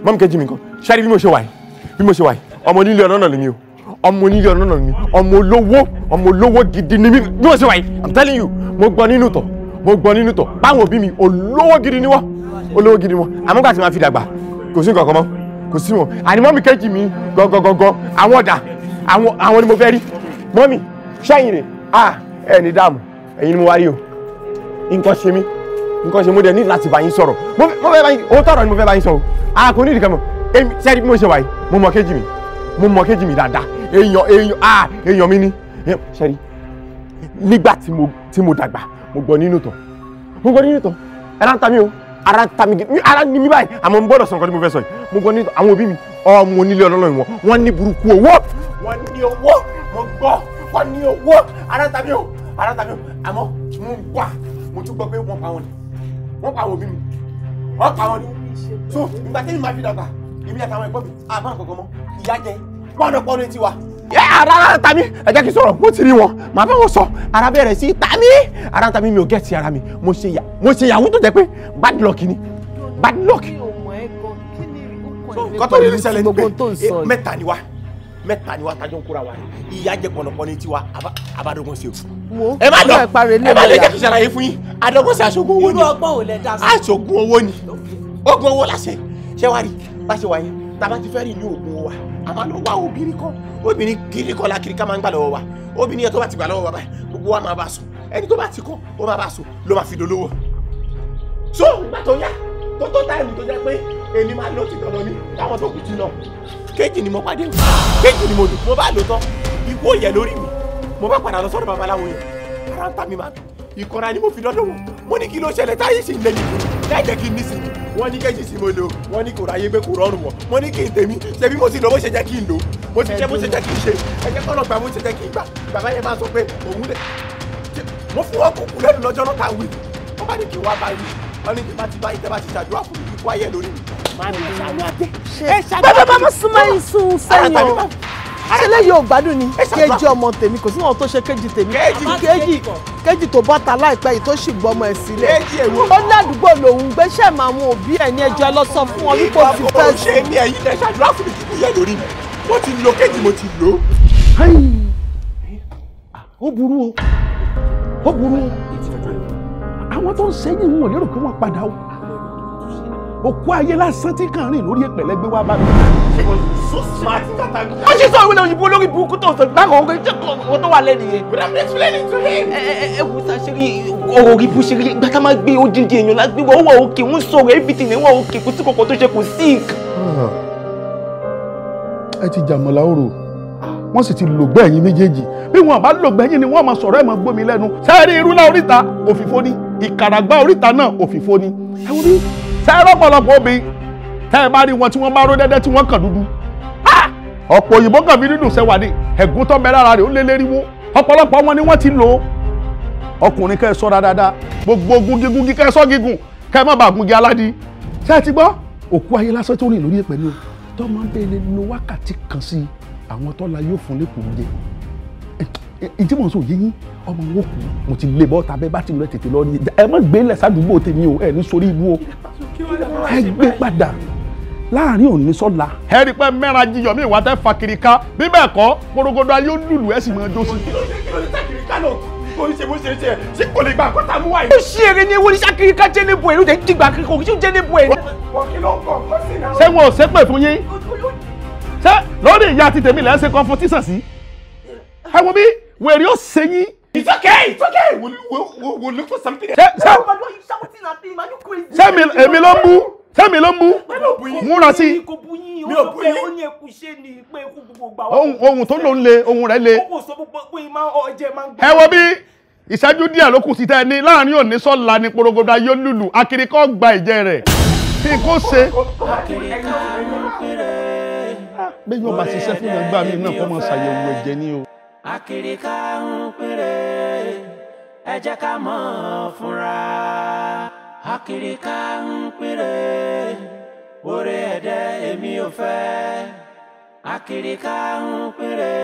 mọ́mí kejì mi nǹkan ṣẹ́rí bí mo ṣe wáyé bí mo ṣe wáyé ọmọ onílé ọ̀nà náà lèmi o ọmọ onílé ọ̀nà náà ni ọmọ olówó ọmọ olówó gidi ni mí bí mo ṣe wáyé i'm telling you mo gbọ́ nínú tọ̀ mo gbọ́ nínú tọ̀ báwọn òbí mi olówó gidi ni wọ́n olówó gidi ni wọ́n àmọ́ gbà fi dàgbà kò sí nǹkan kan mọ́ kò sí wọn àní mọ́mì kejì mi gọ́gọ́gọ́gọ́ àwọn ọ̀dà àwọn ni mo fẹ́ rí mọ́mì ṣẹ́yìn rè á ẹ̀ ní dààmú ẹ̀yin ni mo wá rí o nǹkan ṣe mí nǹkan ṣe mo dẹ̀ ní láti bá yín sọ̀rọ̀ mo fẹ́ bá yín òótọ́ ọ̀rọ̀ ni mo fẹ́ bá yín sọ o a kò ní ìdìkan mọ̀ èmi sẹ́ni bí mo ṣe wà yìí mo mọ̀ kejì mi mo mọ̀ kejì mi dáadáa èèyàn èèyàn a èèyàn mi ni sẹ́ni nígbà tí mo dàgbà mo gbọ́ nínú tán mo gbọ́ nínú tán ẹ̀rá ara ta mi gidi ara ni mi báyìí àmọ́ n bọ́dọ̀ sọ̀rọ̀ ni mo fẹ́ sọ yìí mo gbọ́ ní àwọn òbí mi ọmọ onílé ọlọ́lọ́ ìwọ̀n wọ́n ní burúkú owó wọ́n ní owó mo gbọ́ wọ́n ní owó ara ta mi o ara ta mi o àmọ́ mo ń gbà mo tún gbọ́ pé wọ́n pa wọn ni wọ́n pa àwọn òbí mi wọ́n pa wọn ni so ìgbà tẹ́lẹ̀ máa fi dàgbà èmi àtàwọn ẹ̀gbọ́n mi àbá àkọ́kọ́ mọ́ ìyá jẹ pọ́nọpọ́nọ etí wa ara ta mi ẹ jẹ́ kí n sọ̀rọ̀ mo ti rí wọn màá bá wọn sọ ara bẹ̀rẹ̀ sí ta mi ara ta mi mi ò gẹ̀ẹ́sì ara mi mo ṣe yà mo ṣe yàwó tó jẹ́ pé bad luck ni bad luck. kọ́tọ́ ní ilé sẹ́lẹ̀ ní pé eh, mẹ́ta ni wá mẹ́ta ni wá tajọ́ ń kóra wa ìyá jẹ pọ̀nàpọ̀nà etí wa abadogun ṣe o. ẹ má lọ ẹ má lọ jẹ́ kí n ṣàlàyé fún yín adogun ṣe aṣogun owó ni aṣogun owó ni ogun owó láṣẹ ṣẹ́wárí bá ṣe wáyé tába ti fẹ́ rìn ní oògùn wa a máa lọ wá obìnrin kan obìnrin kiri kan lákiri ká máa ń gbà lọ́wọ́ wa obìnrin yẹn tó bá ti gbà lọ́wọ́ wa báyìí gbogbo wa máa bá sùn ẹni tó bá ti kọ́ ó máa bá sùn ló máa fi dolówó. so nígbà tó yá tó tó táìmù tó jẹ́ pé èmi máa lọ ti dandan ní láwọn tó kù ti lọ kéjì ni mo pàdé o kéjì ni mo lò mo bá lò tán ikú òyẹ lórí mi mo bá padà lọ sọ́dọ̀ babaláwo yẹn ara ń ta mi máa ìkọra ni mo fi lọ́dọ̀ wọn mo ní kí ló ṣẹlẹ̀ táyé sì ń lẹ́yìn fún mi láì jẹ́ kí n ní sinmi wọ́n ní kẹ́jì sí mo lò wọ́n ní kò ráyé pé kò rọrùn wọ̀ wọ́n ní kí n tèmi ṣebí mo ti lọ bó ṣe jẹ́ kí n lò mo ti jẹ́ bó ṣe jẹ́ kí n ṣe ẹ̀jẹ̀ kọ́ lọ́gbà bó ṣe jẹ́ kí n gbà bàbá yẹn máa sọ pé òun lè mo fún ọkọ̀ kù lẹ́nu lọ́jọ́ náà káwé wọ́n bá ní kí wá bá yìí ní kí bá ti bá ìtẹ́ bá ti ṣàdúrà fún mi ayé lórí mi. bàbá bàbá mo sún mọ́ ìsún sẹ́yìn o ṣé lẹ́yìn ò gbádùn ni kéjì ọmọ tèmi kò sí wọn tó ṣe kéjì tèmi kéjì kéjì tó bá ta láìpẹ́ yìí tó sì gbọ́mọ ẹ̀ sílẹ̀ ó ní àdúgbò lòun gbé máa mú òbí ẹ̀ ní ẹjọ́ lọ fún wọn wípé ó ti fẹ́ sí. ṣé ní ẹ̀yin ẹ ṣàdúrà fún mi kí kúyẹ lórí mi mo ti lo kéjì mo ti lò ó. Ah, ó burú o ó burú o àwọn tó ń sẹ́yìn wọn ò lérò pé wọ́n padà o òkú ayé lásán tí kàn rìn lórí ẹ̀pẹ̀lẹ́gbẹ́ wá bá mi so smart that I'm. ó ṣe sọ ìwé òyìnbó olórí burúkú tó sọ gbá kan ọgbẹ́ tó wà lẹ́nu yẹn. but I'm explaining to him. ẹ ẹ ẹ wò sá ṣe rí ọ̀rọ̀ rí bó ṣe rí gbá ká máa gbé odindi èèyàn la gbé wọ́n wà òkè ń sọ̀rọ̀ everything wọ́n òkè kò sí kankan tó ṣe kò sí. Ah, ẹ ti jàmọ̀lá òrò wọ́n sì ti lògbẹ́ ẹ̀yin méjèèjì bí wọn bá lògbẹ́ ẹ̀yin ni wọ́n máa sọ̀rọ̀ ẹ̀ máa gbómi lẹ́nu sẹ́ẹ̀rí irúlá oríta òfìfo ni ìkàràgbá oríta náà òfìfo ni ẹ wọ́n rí sẹ́ẹ̀rọ̀ pọ̀lọpọ̀ obìnrin tẹ́ ẹ bá rí wọn tí wọ́n bá ró dẹ́dẹ́ tí wọ́n kàn dúdú ọ̀pọ̀ òyìnbó kan fi dídùn sẹ́wà ni ẹ̀gún tó bẹ lára rẹ̀ ó lé lériwó ọ̀pọ̀lọpọ̀ wọn ni wọ́n ti lò ó ọkùnrin kẹ́ ẹ sọ́ra dáadáa gbogbo gugigungi kẹ́ ẹ sọ́ gígùn kẹ́ ẹ má bàa gungi aládì ṣé ẹ ti gbọ́ òkú ayé lásán tó rìn lórí ẹ̀pẹ̀ ni o tó máa ń bẹ̀rẹ̀ lo wákàtí kan sí àwọn tọ́la yóò fún lẹ́kùn jẹ ìdí mọ̀ sọ yéyín ọmọ wọn kù mo ti lè bọ́ tàbí bá ti lọ tètè lọ ní ẹ má gbé lẹ̀ sádùúgbò tèmi o ẹ ní sórí ibú o ẹ gbé padà láàrin òní sọ́la. ẹ rí i pé mẹ́ra jiyọ̀ mi ìwà tẹ́ fa kiri ká bí bẹ́ẹ̀ kọ́ porogodo ayé lùlù ẹ̀ sì máa dó sí. ó ṣe eré ní ewu oníṣà kiri ká jẹ́ níbo èrú tẹ̀ dìgbà kiri kò kí jẹ́ níbo èrú. ṣé wọn ò ṣépè fún yín ṣé lórí ìyá ti tèmi lẹ́sẹ̀ kan fún tíṣà sí ẹ wo bí wèrè ó ṣe yín. It's okay, it's okay. We'll, we'll, we'll look for something. you shouting Ṣé ṣé ṣé mi èmi ló ń bú tẹ́mi ló mú múra sí. mi ò bú yín. ó ní ẹkú ṣe ni pé ikú gbogbo gbà wá. ohun tó ló ń le ohun rẹ̀ le. ó sọ pé pé máa ń máa ń gbà. ẹ wo bí ìṣẹ́jú díẹ̀ ló kù sí tẹ́ ẹ láàrin òní sọ́la ni porogoda yóò lùlù akirikọ́ gba ìjẹ rẹ̀ kí kó ṣe. bẹ́ẹ̀ yóò ṣiṣẹ́ fún mi gbà mí náà kó máa ṣàyẹ̀wò ẹ̀jẹ̀ ni o. akirika ń pèrè ẹ jẹ́ ká mọ̀ fúnra akirika ń péré ede ẹ̀dẹ́ ofe. ò fẹ́ akirika ń péré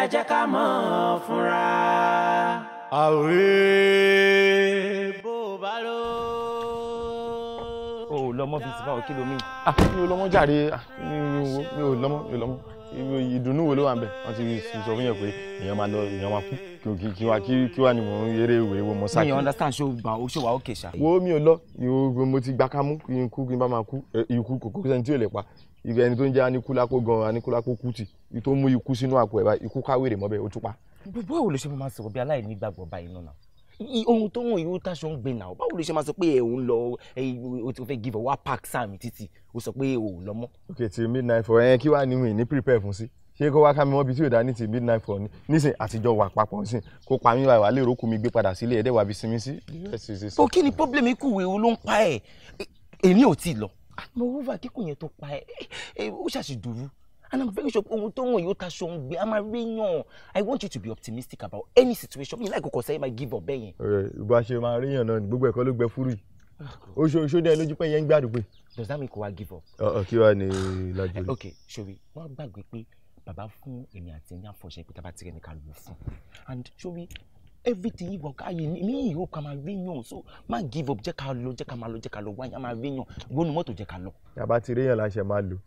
ẹ jẹ́ ká mọ̀ ọ́ fúnra. àwẹ̀ bó o e bá lọ. o ò fi ti bá ọ kí lomi. Ah, mi ò lọ́mọ jàre ah, mi ò lọ́mọ mi ò lọ́mọ ìdùnnú wo ló wà nbẹ wọn ti sọ fún yẹn pé èèyàn máa lọ èèyàn máa kú kí kí wá kí wá ni mò ń eré ìwé wo mo sá mi ò understand ṣé o gbà ó ṣe wà ó kèsà. wo mi ò lọ mo ti gbà ká mú kí n kú kí n bá máa kú ikú kòkó sẹ́ni tí ò lè pa ẹni tó ń jẹ́ aníkúlákó gan aníkúlákó kùtì tó mú ikú sínú àpò ẹ̀ báyìí ikú káwèrè mọ́bẹ̀ ó tún pa. bó o lè ṣe máa sọ̀rọ̀ bí aláìnígbàgbọ́ báyìí náà ohun tó hàn yìí ó táṣọ ń gbé nà ó báwo ló ṣe máa sọ pé òun lọ o ti fẹ́ give ọwọ́ park sam títì ó sọ pé òun lọ mọ́. ok till midnight for ẹ kí wàá ní mi ní prepare fún sí ṣé kó wá ká mi mọ́ bí tí ò dá ní ti midnight for ni nísìn àtijọ́ wà papọ̀ nísìn kó pa mí wà lérò kú mi gbé padà sílé ẹ̀dẹ̀ wà bí sinmi sí. o kí ni problem ikú ìwé o ló ń pa ẹ èmi ò tí ì lọ àmọ́ ah, wúfà kíkùn yẹn tó pa ẹ ó ṣàṣì dùrú and i'm very sure pé ohun tó ń wọ̀ yóò ta ṣohun gbé a máa rí yàn i want you to be optimistic about any situation mi láìkọ̀kọ̀ sẹ́yìn máa give up bẹ́yẹn. ọ̀rẹ́ ìbá ṣe máa rí yàn náà ni gbogbo ẹ̀kọ́ ló gbẹ fúrú yìí oṣooṣo dẹ́ lójú pé yẹn ń gbàdúgbò. does that mean kò wá give up. ọ̀ kí wàá ní lajú. ok ṣòwe wọn gbàgbé pé bàbá fún èmi àti ẹni àfọ̀ṣẹ́ pé tábà tirẹ̀ nìkan lò fún and ṣòwe everything yìí wọ̀ká yìí ní ìhó ká máa rí yàn so má give up jẹ́ ká lọ jẹ́ ká máa lọ jẹ́ ká lọ wáyà máa rí yàn gbónú mọ́tò jẹ́ ká lọ. yàrá ti rí yàn láṣẹ máa lò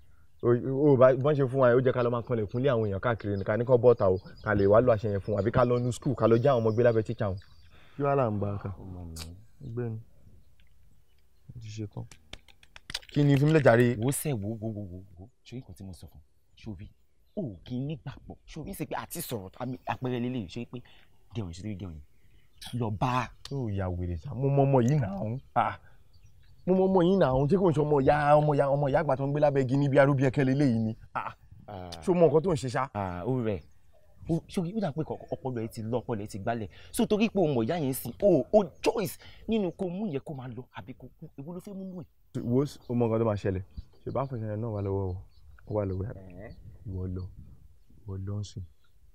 o o bọ́n ṣe fún wa ó jẹ́ ká lọ máa kanlẹ̀ fúnlé àwọn èèyàn káàkiri nìkan ní kọ́ bọ́ta o ká lè wá lọ àṣẹ yẹn fún wa àbí ká lọ nu skul ká lọ já àwọn ọmọ gbé lábẹ́ tíṣà wọn. kí wàá là ń gba ká gbẹ́ni mo ti ṣe kán. kí ni fúnlẹ̀ jàre. wo sẹ́ wo wo wo wo ṣòyí kan tí mo sọ fún ṣòbí o kì í nígbàgbọ́ ṣòbí ṣe pé àti sọ̀rọ̀ àpẹẹrẹ lélẹ̀ ṣòyí pé dẹ̀wọ̀n ṣòrí dẹ̀wọ̀n lọ bá. ó yà wèrè sá mo mọ ọmọ yìí nà án ah, mo mọ ọmọ yín náà àwọn tí kò ń ṣe ọmọ ìyá ọmọ ìyá ọmọ ìyá àgbà tó ń gbé lábẹ́ igi níbi arúbí ẹkẹ lélẹ́yìí ni ah, ah. ah. ṣó mọ nǹkan tó ń ṣe ṣá. ó rẹ̀ ṣókí ó dà pé ọpọlọ ẹ ti lọ ọpọlọ ẹ ti gbálẹ̀ so torí pé o mọ ìyá yẹn sìn o o choice nínú kó mú yẹn kó máa lọ àbí kó kú ewu ló fẹ́ mú mú ẹ. wo o mọ nǹkan tó máa ṣẹlẹ̀ ṣe bá ń fẹsẹ̀ náà wà lọ́wọ́ ọ wà lọ́wọ́ ẹ wọ lọ wọ lọ ń sìn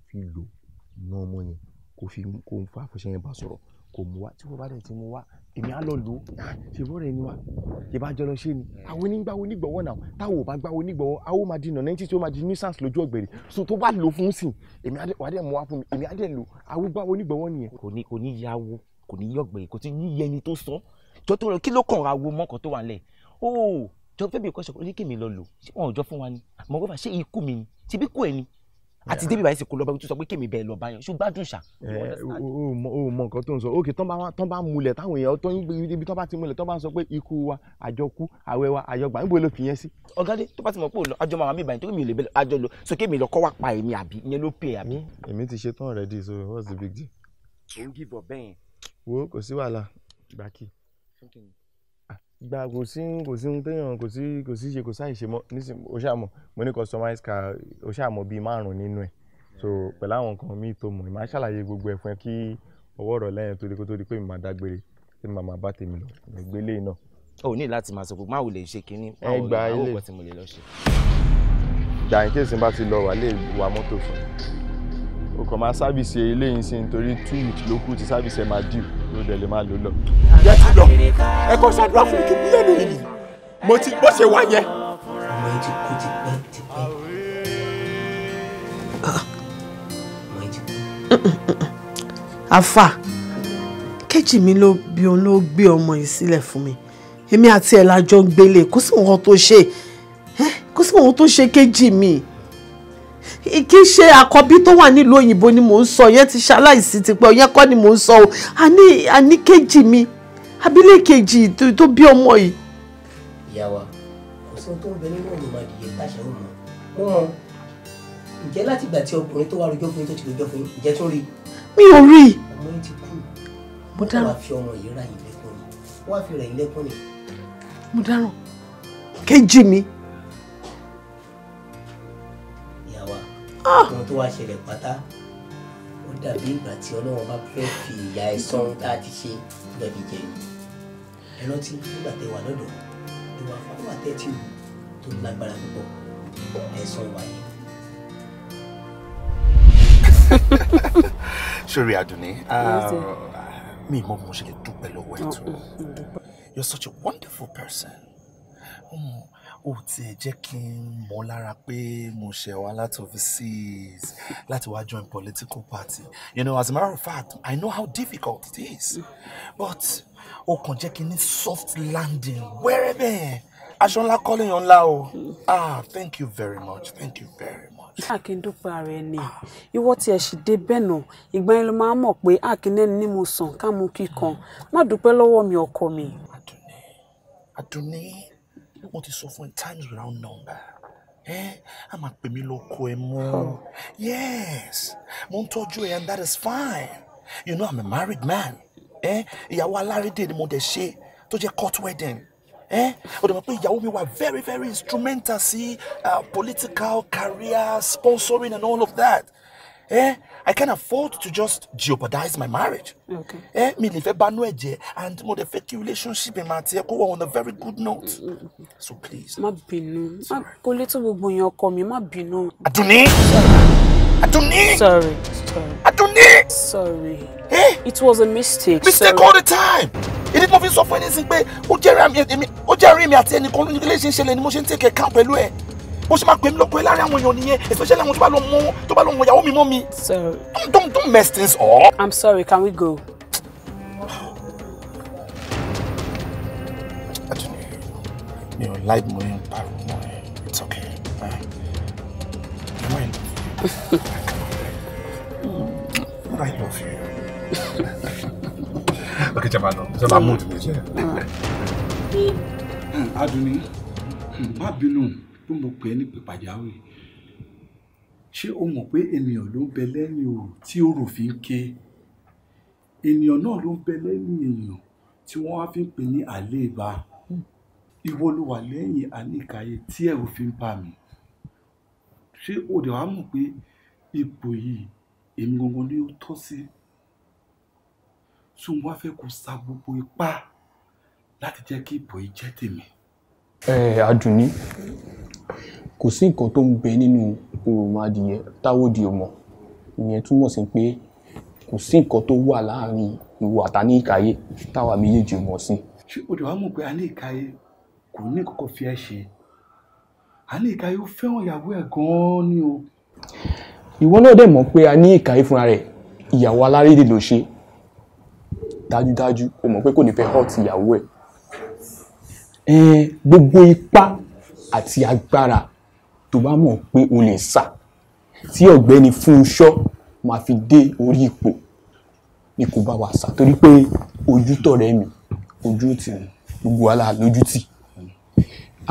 fi lò ná ọmọ yẹn kò èmi á lọ lò ó ah, ṣèbó rẹ ni wa ìbá jọ lọ ṣe ni hmm. àwọn onígbàwọ onígbọ̀wọ́ náà táwọn ò bá gbàwọ onígbọ̀wọ́ àwọn ò máa di nàná ẹntì tí ó máa di nuisance lójú ọ̀gbẹ̀rẹ̀ so tó bá lò fún sìn èmi wà mú wá fún mi èmi á lò àwọn gbàwọ onígbọ̀wọ́ nìyẹn. kò ní kò wo kò ní yọgbẹ̀rẹ̀ kò sí ní yẹ ẹni tó sọ jọ tó lọ kí ló kàn ra wo mọ́kàn tó wà lẹ̀ o oh, jọ fẹ́bi kọ́ṣọ́ oníkèmí lọ lò wọn ò jọ fún wa ni mọ̀ àti débi báyìí sì kó lọ báyìí tó sọ pé kèmí bẹ́ẹ̀ lọ báyọ̀ ṣùgbọ́n gbádùn ṣá. Eh, o mọ nǹkan tó ń sọ òkè tán bá múlẹ̀ táwọn èèyàn tó ń ibi tán bá ti múlẹ̀ tán bá ń sọ pé ikú wa àjọkú àwẹ̀ wa àjọgbà níbo ló fi yẹn sí. ọ̀gádé tó bá ti mọ̀ pé àjọ máa wà mí ìbàyẹn tó mi ò lè bẹ̀rẹ̀ àjọ lọ sókè mi lọ kọ́ pa èmi àbí ìyẹn ló pè àbí. Hmm, èmi ti already so what's the big deal. kò ń gìbọ̀ bẹ́ẹ̀. wo kò sí wàhálà gbàkí gba kò sí kò sí téèyàn kò sí kò sí ṣe kò sáìṣe mọ nísìnyí o ṣàmọ mo ní customize car o ṣàmọ bíi márùn nínú ẹ so pẹ̀lú àwọn nǹkan míì tó mọ̀ ìmọ̀ aṣàlàyé gbogbo ẹ̀ fún ẹ kí ọwọ́ ọ̀rọ̀ lẹ́yìn tó di kó tó di pé mi máa dágbére tí màmá bá tèmi lọ ìgbélé náà. o ní láti máa sọ pé máa wò lè ṣe kínní máa wò lè máa wò pọ̀ tí mo lè lọ ṣe. dàní kéèsì bá ti lọ wà lè wa mọ́tò fún mi o kàn máa sábìsì eléyìí sí nítorí two weeks ló kù tí sábìsì ẹ̀ máa dì ló dẹ̀ lè máa lò lọ. ìyá ti lọ ẹ kọ́ ṣàdúrà fún ìjọ bí lẹ́nu yìí mo ti bó ṣe wá yẹn. ọmọ ẹ ti kú ah. ti pẹ́ ti pẹ́. àfà kejì mi ló bí òun ló gbé ọmọ yìí sílẹ̀ fún mi èmi àti ẹ̀ la jọ ń gbélé kó sì wọn tó ṣe kó sì wọn tó ṣe kejì mi kì í ṣe àkọ́bí tó wà nílùú òyìnbó ni mò ń sọ yẹn ti ṣaláìsí tipẹ́ yẹn kọ́ ni mò ń sọ o àní àní kejì mi abilé kejì tó bí ọmọ yìí. ìyá wa kò sí ohun tó ń bẹ nínú ọ̀nà ìmàdìyẹ táṣà ń mọ wọn mọ ǹjẹ́ láti ìgbà tí ọkùnrin tó wá rojọ́ fún yín tó ti rojọ́ fún yín ǹjẹ́ tún rí. mi ò rí i. ọmọ yín ti kú mo dáràn wọ́n fi ọmọ yìí ra ìlẹ́kùn ni wọ́n fi rẹ̀ ìlẹ́kùn ni. mo dáràn kejì mi. nǹkan ah. tó wá ṣẹlẹ̀ pátá ó dàbí ìgbà tí ọlọ́run bá fẹ́ fi ìyà ẹ̀san hmm. tá a ti ṣe lẹ́bi jẹ ẹ rántí nígbà tẹ wà lọ́dọ̀ ìwà fáwọn àtẹ́tí tó lágbára púpọ̀ ẹ̀san wà sori Adunni ah, mi mọ mo ṣe lè dúpẹ́ lọ́wọ́ ẹ̀ tó mm, mm, mm. you're such a wonderful person. Um, ó tiẹ̀ jẹ́ kí n mọ̀ lára pé mo ṣẹ̀ wá láti overseas láti wá join political party you know as a matter of fact I know how difficult it is but ó kàn jẹ́ kí n ní soft landing wẹ́rẹ́bẹ̀ aṣọ ńlá kọ́lé yan ńlá o ah thank you very much thank you very much a kì í dúpẹ́ ara ẹni ìwọ tí ẹ̀ sì dé bẹ́ẹ̀ náà ìgbà yẹn ló máa mọ̀ pé a kì í mo sàn ká mú kíkan má dúpẹ́ lọ́wọ́ mi ọkọ mi. Àdùnní Àdùnní wọ́n ti sọ fún ẹ times round number ẹ a máa pè mí lóko ẹ mọ́ yes mo ń tọ́jú ẹ and that is fine you know i'm a married man ẹ ìyàwó alárédè ni mo dẹ̀ ṣe tó jẹ́ court wedding ẹ o dẹ̀ mọ̀ pé ìyàwó mi wà very very instrumental sí uh, political career sponsoring and all of that eh, I can't afford to just jeopardize my marriage. Okay. Eh, me live a banú ẹ jẹ́ and mo dẹ̀ fẹ́ relationship mi àti ẹ kó on a very good note. Mm, mm, mm. So please. Ma, bínú. Má kó lé tó gbogbo yẹn ọkọ mi, má bínú. Àdùnní. Àdùnní. Sorry. Sorry. Àdùnní. Sorry. Eh? It was a mistake. Mistake Sorry. all the time. Ìdí tí mo fi sọ fún ẹ nísìnyí pé ó jẹ́rìí mi àti ẹnìkan ní ilé ṣe ń ṣẹlẹ̀ ni mo ṣe ń take account pẹ̀lú ẹ bó ṣe máa pè mí lọ́kọ ẹ láàrin àwọn èèyàn nìyẹn especially àwọn tó bá lọ mọ tó bá lọ mọ ìyàwó mi mọ́ mi. sorry. don't don't don't mess things up. i'm sorry can we go. mi ò láì mọ ẹyìn pariwo mọ ẹ it's okay. Uh, mm. I love you. okay, Jabalo. Jabalo, mood me. Adunni, má bínú pé mo pè é ní pé pàjáwìrì ṣé o mọ̀ pé ènìyàn ló ń bẹ lẹ́yìn òrò tí òrò fi ń ké ènìyàn náà ló ń bẹ lẹ́yìn èèyàn tí wọ́n á fi ń pè ní àléèbá ìwọ ló wà lẹ́yìn àníkàyé tí ẹ̀rù fi ń bà mí ṣé o dẹ̀ wá mọ̀ pé ipò yìí èmi gangan ni ó tọ́ sí tí wọ́n fẹ́ kó sa gbogbo ipá láti jẹ́ kí ipò yìí jẹ́ tèmi. ẹ Àdùnní kò sí nǹkan tó ń bẹ nínú ìròmọ adìyẹ táwòdì ò mọ̀ ìyẹn túmọ̀ sí pé kò sí nǹkan tó wà láàrin ìwọ àtàní ìkàyé táwa méjèèjì ò mọ̀ sí. ṣé o lè wá mọ̀ pé a ní ìkàyé kò ní kọ́kọ́ fi ẹ́ ṣe a ní ìkàyé ó fẹ́ràn ìyàwó ẹ̀ gan-an ni o. ìwọ náà dẹ̀ mọ̀ pé a ní ìkàyé fúnra rẹ̀ ìyàwó alárédè ló ṣe dájúdájú o mọ̀ pé kò ní fẹ́ hot ìyàwó ẹ̀ gbogbo ipá àti agbára tó bá mọ̀ pé o lè sà tí ọ̀gbẹ́ni Fúnṣọ́ máa fi dé orí ipò ni kò bá wa sà torí pé ojú tọ̀rẹ́ mi ojú tì gbogbo wa là lójú tì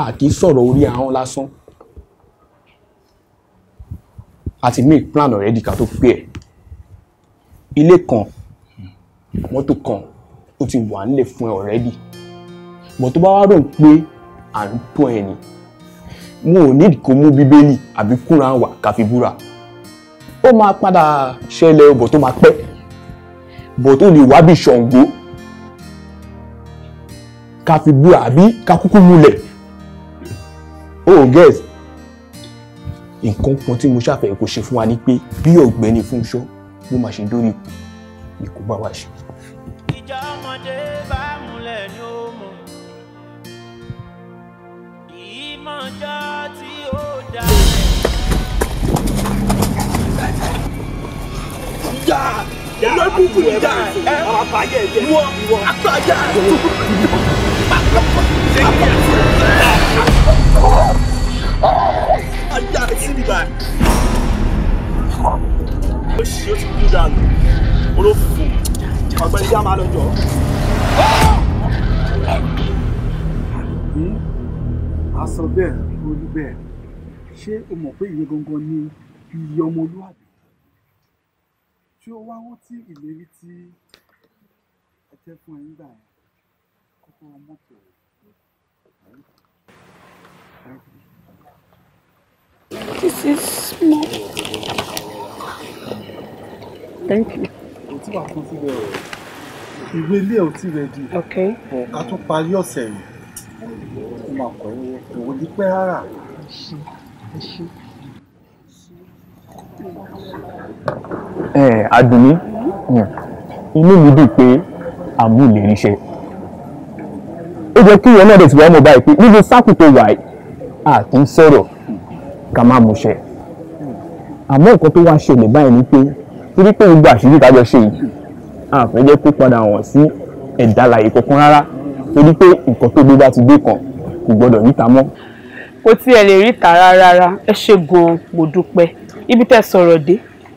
a kì í sọ̀rọ̀ orí ahọ́n lásán a ti make plan already ká tó pé ẹ̀ ilé kan mọ́tò kan ó ti wà nílẹ̀ fún ẹ already bọ̀ tó bá wá rò pé à ń pọ̀ ẹni wọn ò ní kó mú bíbélì àbí kúra wà káfi búra ó máa padà ṣẹlẹ̀ ọbọ̀ tó máa pẹ́ bọ̀ tó lè wá bí Ṣàngó káfi búra àbí kakúkú múlẹ̀ oh guess nǹkan kan tí mo ṣàfẹ́ kó ṣe fún wa ni pé bí ọ̀gbẹ́ni Fúnṣọ́ bó máa ṣe dórí ikú bá wa ṣe. ìjà ọmọdé ìjà olókùnkùn ìjà ẹ wọ àgbàjà. ajá sí mi báyìí. ó ṣe ó ti kú dànù olófùfù ọ̀gbẹ́ni já máa lọ jọ. Mm-hmm. a sọ bẹ́ẹ̀ orí bẹ́ẹ̀ ṣé o mọ̀ pé ìyẹn gangan ni iye ọmọlúwàbí tí ó wá rántí ìlérí tí ẹ tẹ́ fún ẹ nígbà yẹn kókó mọ́tò rẹ̀. This is small. Thank you. Kò Okay máa kọ́ ẹ kò ní pẹ́ rárá. ẹ Àdùnní inú mi dùn pé àmú lè ríṣẹ́ ó jẹ́ kí ìyẹn náà dẹ̀ ti wá mọ̀ báyìí pé níbi sáàkù tó wà yìí àti ń sọ̀rọ̀ ká má múṣẹ́ àmọ́ nǹkan tó wá ṣẹlẹ̀ báyìí ni pé torí pé gbogbo àṣírí kájọ ṣe yìí àfẹ́ jẹ́ kó padà wọ̀n sí ẹ̀dá alàyè kankan rárá torí pé nǹkan tó gbé bá ti dé kan kò gbọ́dọ̀ ríta mọ́. kò tiẹ̀ lè ríta rárá ẹ ṣe gan-an mo dúpẹ́ ibi tẹ́ sọ̀rọ̀ dé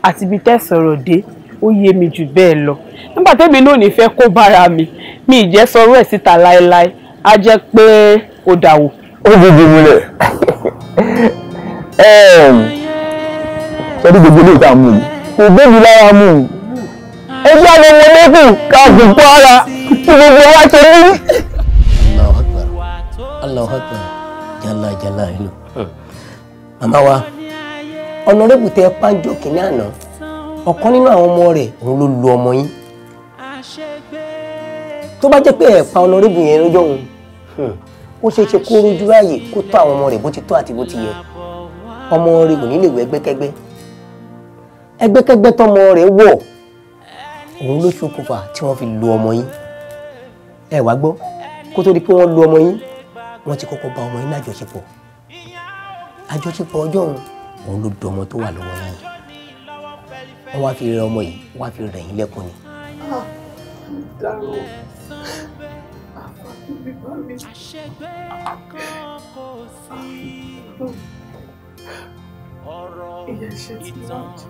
àti ibi tẹ́ sọ̀rọ̀ dé ó yé mi jù bẹ́ẹ̀ lọ nígbà tẹ́mi náà ní kó bára mi mi ìjẹ́ sọ̀rọ̀ ẹ̀ síta láéláé á jẹ́ pé ó dà wò. ó dìde múlẹ̀ sọdí gbogbo ilé ìta mú kò gbébi lára mú ẹgbẹ́ àwọn ọmọ lẹ́kùn ká gbogbo ara kí gbogbo wa ṣe ní. Allahu Akbar jàlá jàlá ìlú. màmá wa ọ̀nàrẹ́bù tẹ pàjọ kìnìún àná ọ̀kan nínú àwọn ọmọ rẹ̀ òun ló lu ọmọ yín tó bá jẹ́ pé ẹ̀ pa ọ̀nàrẹ́bù yẹn lọ́jọ́ òun hmm. ó ṣeé ṣe kó rojú ráàyè kó tó àwọn ọmọ rẹ̀ bó ti tó àti bó ti yẹ ọmọ rẹ̀ kò ní lè wọ ẹgbẹ́kẹ́gbẹ́ ẹgbẹ́kẹ́gbẹ́ tọmọ rẹ̀ wọ̀ òun ló ṣokùnfà tí wọ́n fi lu ọmọ yín ẹ wá gbọ́ kó tó di pé wọ́n lu ọmọ yín wọ́n ti kọ́kọ́ bá ọmọ yín ní àjọṣepọ̀ àjọṣepọ̀ ọjọ́ òun òun ló dọmọ tó wà lọ́wọ́ yín wọ́n wá fi rẹ ọmọ yìí wọ́n wá fi rẹ̀ yín lẹ́kùn ni. ìyá ṣe ti máa ń jẹ.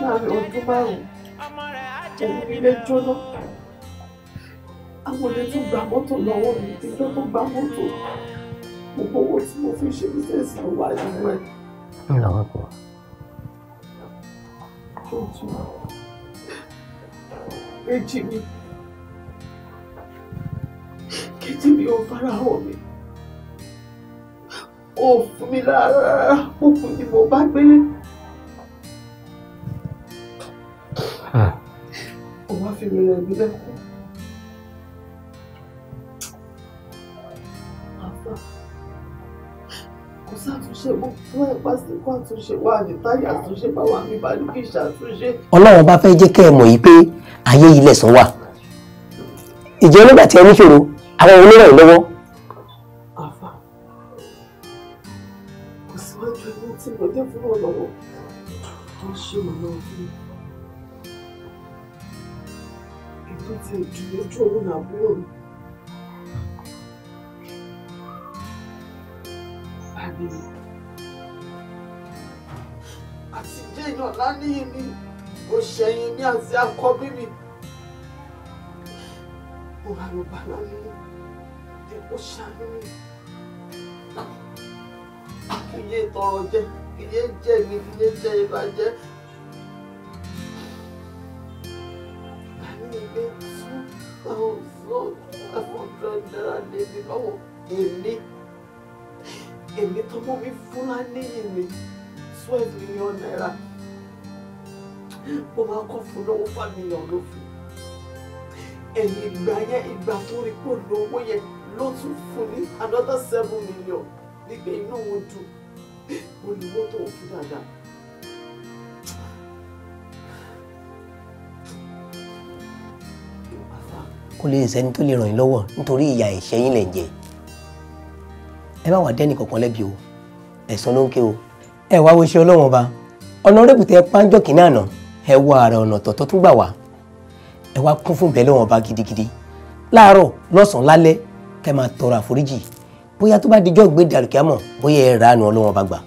láàrin ọdún márùn-ún òun nílé jóná àwọn olè tún gba mọ́tò lọ́wọ́ mi ìjọ tó gba mọ́tò gbogbo owó tí mo fi ṣe bísẹ̀sì ló wà nínú ẹ̀. ìlànà kan. ojú méjì mi kejì mi ò farahàn mi ò fún mi rárá òkú ni mo bá gbélé. kò má fi mi lọ ọlọ́run bá fẹ́ jẹ́ kẹ́ ẹ mọ̀ yìí pé ayé ilẹ̀ sàn wà ìjẹ́ nígbà tí ẹ níṣòro àwọn oníràn lọ́wọ́ síwájú ẹni tí mo dé fún ọlọ́wọ́ tó ṣe òun náà fún mi. tó ti òdì ojú òun làbúrò mi. Bàbí àti jẹ́yìn ọ̀la mi, òṣèyìn mi àti akọbí mi. Mo wà ló bàlá mi, èpo ṣàánú mi. Kìyé tọrọ jẹ, kìyé jẹ mi, kìyé jẹ ìbàjẹ́. ilé tú àwọn sọ àfọ̀dọ̀dọ̀ra lèmi lọ́wọ́ èmi èmi tọmọ mi fúlàní èmi twelve million naira mo máa kọ́ fún lọ́wọ́ five million ló fún ẹ̀yìn ìgbà yẹn ìgbà tó rí pò lówó yẹn ló tún fún ní another seven million nígbà inú wọn dùn mo ní mọ́tò òfin dáadáa. kò lè sẹ́ni tó lè ràn yín lọ́wọ́ nítorí ìyà ẹ̀ṣẹ̀ yín lẹ̀ ń jẹ ẹ má wà dẹ́nì kankan lẹ́bi o ẹ̀san ló ń ké o ẹ wá wo iṣẹ́ ọlọ́wọ́n ba ọ̀nàrẹ́bù tẹ pánjọ́ kìnínní àná ẹ wá ara ọ̀nà tọ̀tọ̀ tún gbà wá ẹ wá kún fún bẹ́ẹ̀ lọ́wọ́n ba gidigidi láàárọ̀ lọ́sàn-án lálẹ́ kẹ́ máa tọrọ àforíjì bóyá tó bá dijọ́ gbé dàrúkẹ́ mọ̀ bóyá ẹ rà á ọlọ́wọ́n ba gbà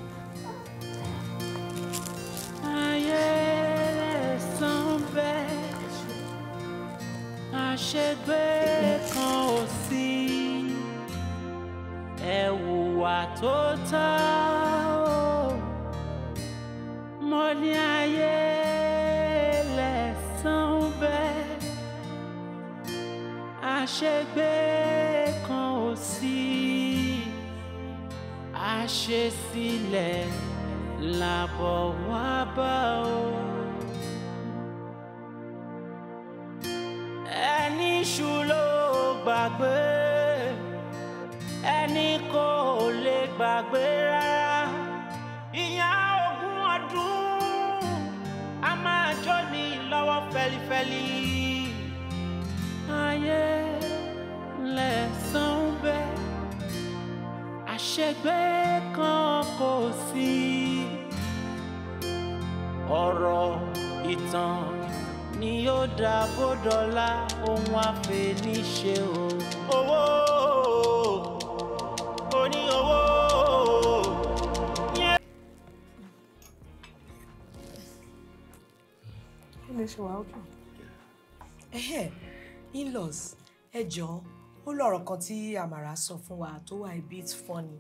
lọ̀rọ̀ kan tí Amara sọ fún wa tó wà a bit funny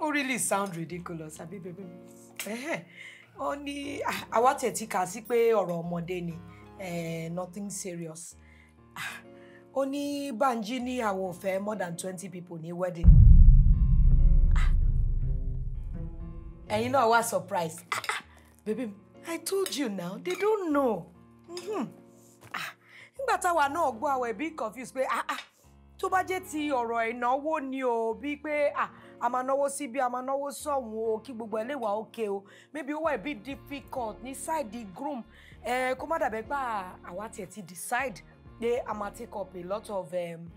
ó really sound ridiculous àbí bèbè ó ní àwa tẹ̀tí kà sí pé ọ̀rọ̀ ọmọdé ni eh, nothing serious ó ní Banji ní àwọn ò more than twenty people ní wedding ẹ̀yin náà wá surprise bèbè I told you now they don't know. Mm-hmm nígbà táwa náà gbọ́ àwọn ẹbí confused pé ah ah tó bá jẹ́ ti ọ̀rọ̀ ìnáwó ni o bíi pé ah a máa náwó sí bí a máa náwó sọ̀hún o kí gbogbo ẹ̀ lè wà òkè o maybe ó wà difficult ní side the groom ẹ kó má dàbẹ́ pé ah, àwa tiẹ̀ ti decide pé a máa take up a lot of um,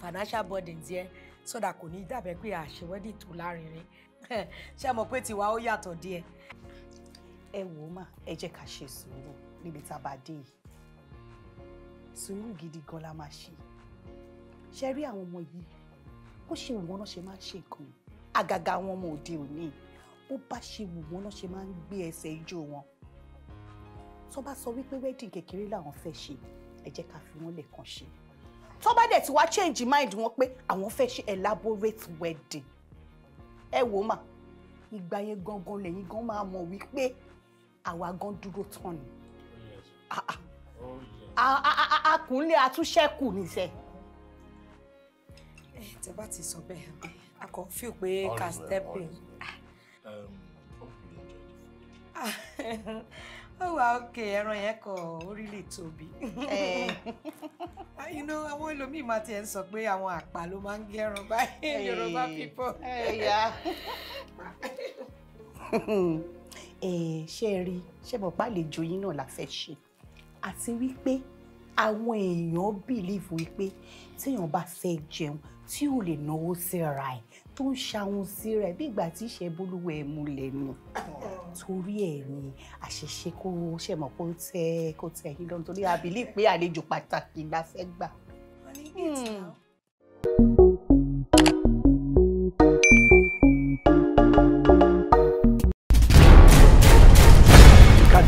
financial burdens yẹn sọ́dà kò ní dàbẹ́ pé àṣewẹ́dì tó lárinrin ṣé mọ̀ pé tiwa ó yàtọ̀ díẹ̀. ẹ wò ó mà ẹ jẹ́ ká ṣe sùúrù níbi tá a bá dé yìí sùúrù gidi gan la máa ṣe ṣe rí àwọn ọmọ yìí bó ṣe wù wọ́n náà ṣe máa ń ṣe nǹkan àgàgà àwọn ọmọ òde òní bó bá ṣe wù wọ́n náà ṣe máa ń gbé ẹsẹ̀ ijó wọn tó bá sọ wípé wedding kékeré làwọn fẹ́ ṣe ẹ jẹ́ ká fi wọ́n lè ṣe tó bá dẹ̀ ti wá change mind wọn pé àwọn fẹ́ ṣe elaborate wedding ẹ wò mà ìgbà yẹn gangan lẹ́yìn gan máa mọ̀ wípé àwa gan dúró tán ni. Yes. Ah, ah akùnlé atúnṣẹ́kù nìṣẹ́. ẹ tẹ bá ti sọ bẹ́ẹ̀ a kò feel pé ká step in. ó wà ókè ẹran yẹn kọ orílẹ̀ tóbi. Ah, you know àwọn ẹlòmíì máa tiẹ̀ ń sọ pé àwọn àpà ló máa ń gẹrun báyìí Yorùbá people. ṣé ẹ rí ṣé bọ̀ bá lè joyin náà la fẹ́ ṣe àti wípé àwọn èèyàn bìlíìfù wípé téèyàn bá fẹ́ jẹun tí ò lè náwó síra ẹ̀ tó ń ṣàwọn síra ẹ̀ bí ìgbà tí ìṣẹ́ bólúwẹ̀ ẹ̀ múlẹ̀ ni torí ẹ̀ ni àṣẹṣe kó ṣẹ̀mọ̀ kó tẹ́ kó tẹ́ yín lọ́nà torí àbílí pé àlejò pàtàkì la fẹ́ gbà. Mm.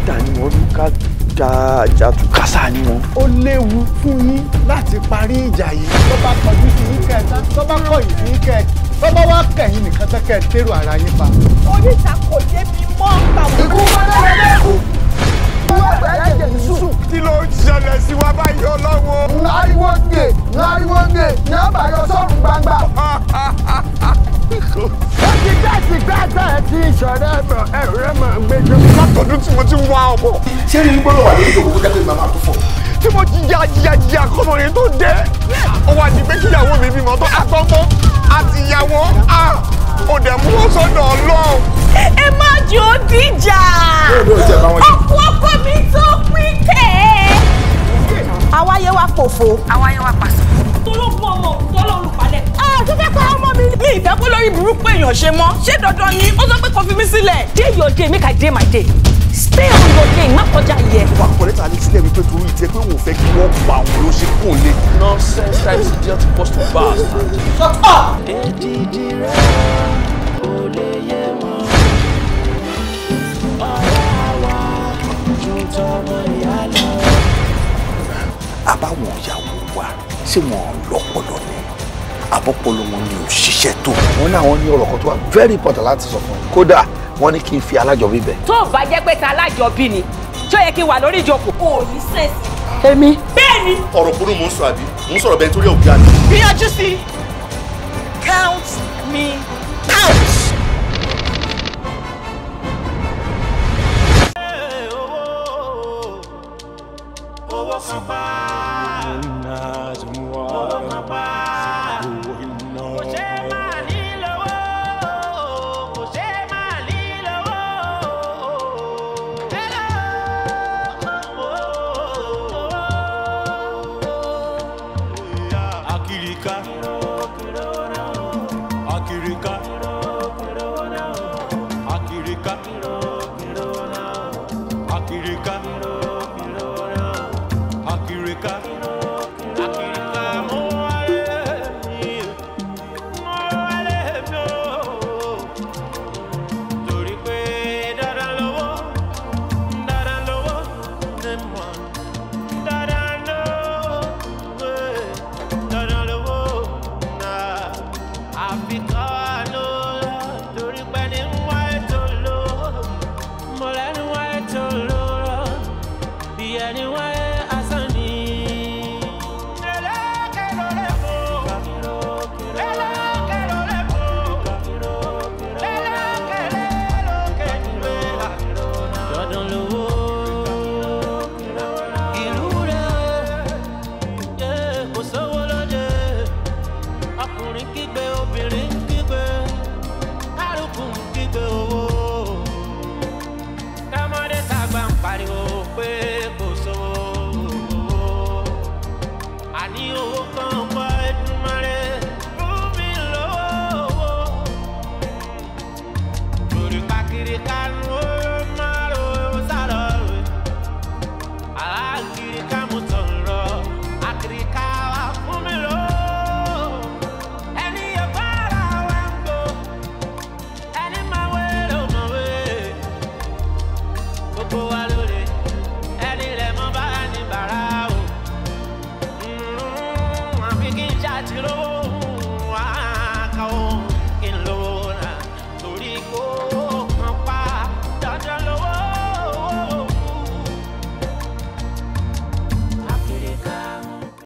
dà ni wọ́n ká ja àjàtúkásá ni wọ́n. ó léwu fún yín láti parí ìjà yìí. tó bá kọjú sí yín kẹta tó bá kọ yìí sí kẹ tó bá wá kẹyìn nìkan tó tẹrù ara yín pa. oríta kò yé mi mọ́ tàwọn. ikú wọn lọ́wọ́ lẹ́kùn. ìwé ẹ̀jẹ̀ ń sùn kí ló ń ṣẹlẹ̀ sí wa báyìí ọlọ́wọ́. láriwo gbè láriwo gbè ní àbáyọ sọ́run gbangba. ó ti gbẹ́ ti gbẹ́ bẹ́ẹ̀ tí ìṣọ̀rẹ́ ẹ̀rọ ẹ̀rọ máa ń tí mo ti ń wá ọmọ. ṣé ní gbọ́dọ̀ wà lórí ìṣòwò kẹ́kẹ́ ìgbà máa tó fọ̀. tí mo ti ya ya ya kọmọrin tó dé. ó wà kíyàwó mi bímọ tó àtọ́mọ́ ó dẹ̀ mú wọn sọ́dọ̀ ọlọ́run. ẹ má jò ó dìjà ọkọ ọkọ mi tó pín kẹ́ ẹ́. àwa yẹ wa pòfo. àwa yẹ wa pàṣẹ. tológun ọmọ tọ́lọ́run palẹ̀. a tó fẹ́ pa ọmọ mi. mi ìfẹ́ kó lórí burúkú èèyàn ṣe mọ́ ṣé dandan ni ó sọ pé kò fi sílẹ̀. day your day make i dey my day stay on your lane má kọjá yẹ. wà á kọ̀lẹ́tà alẹ́ sílẹ̀ wípé torí ìtẹ́ pé wọ́n fẹ́ kí wọ́n pa àwọn ló ṣe kún nonsense types idiot post bastard. shut up. èdìdì àbáwọn ìyàwó wa ṣé wọn lọ́pọlọ ni àbọ̀pọ̀lọ wọn ni ò ṣiṣẹ́ tó. wọn ní àwọn ní ọ̀rọ̀ kan tó wá very important láti sọ fún un kódà wọ́n ní kí n fi alájọbí bẹ̀. tó o bá jẹ́ pé ta alájọbí ni tó yẹ kí n wà lórí ìjókòó. o ò ní sẹ́ẹ̀sì. èmi. bẹ́ẹ̀ni. ọ̀rọ̀ kúrú mò ń sọ àbí mò ń sọ̀rọ̀ bẹ́ẹ̀ nítorí òkè àná. gbìyànjú sí count me out.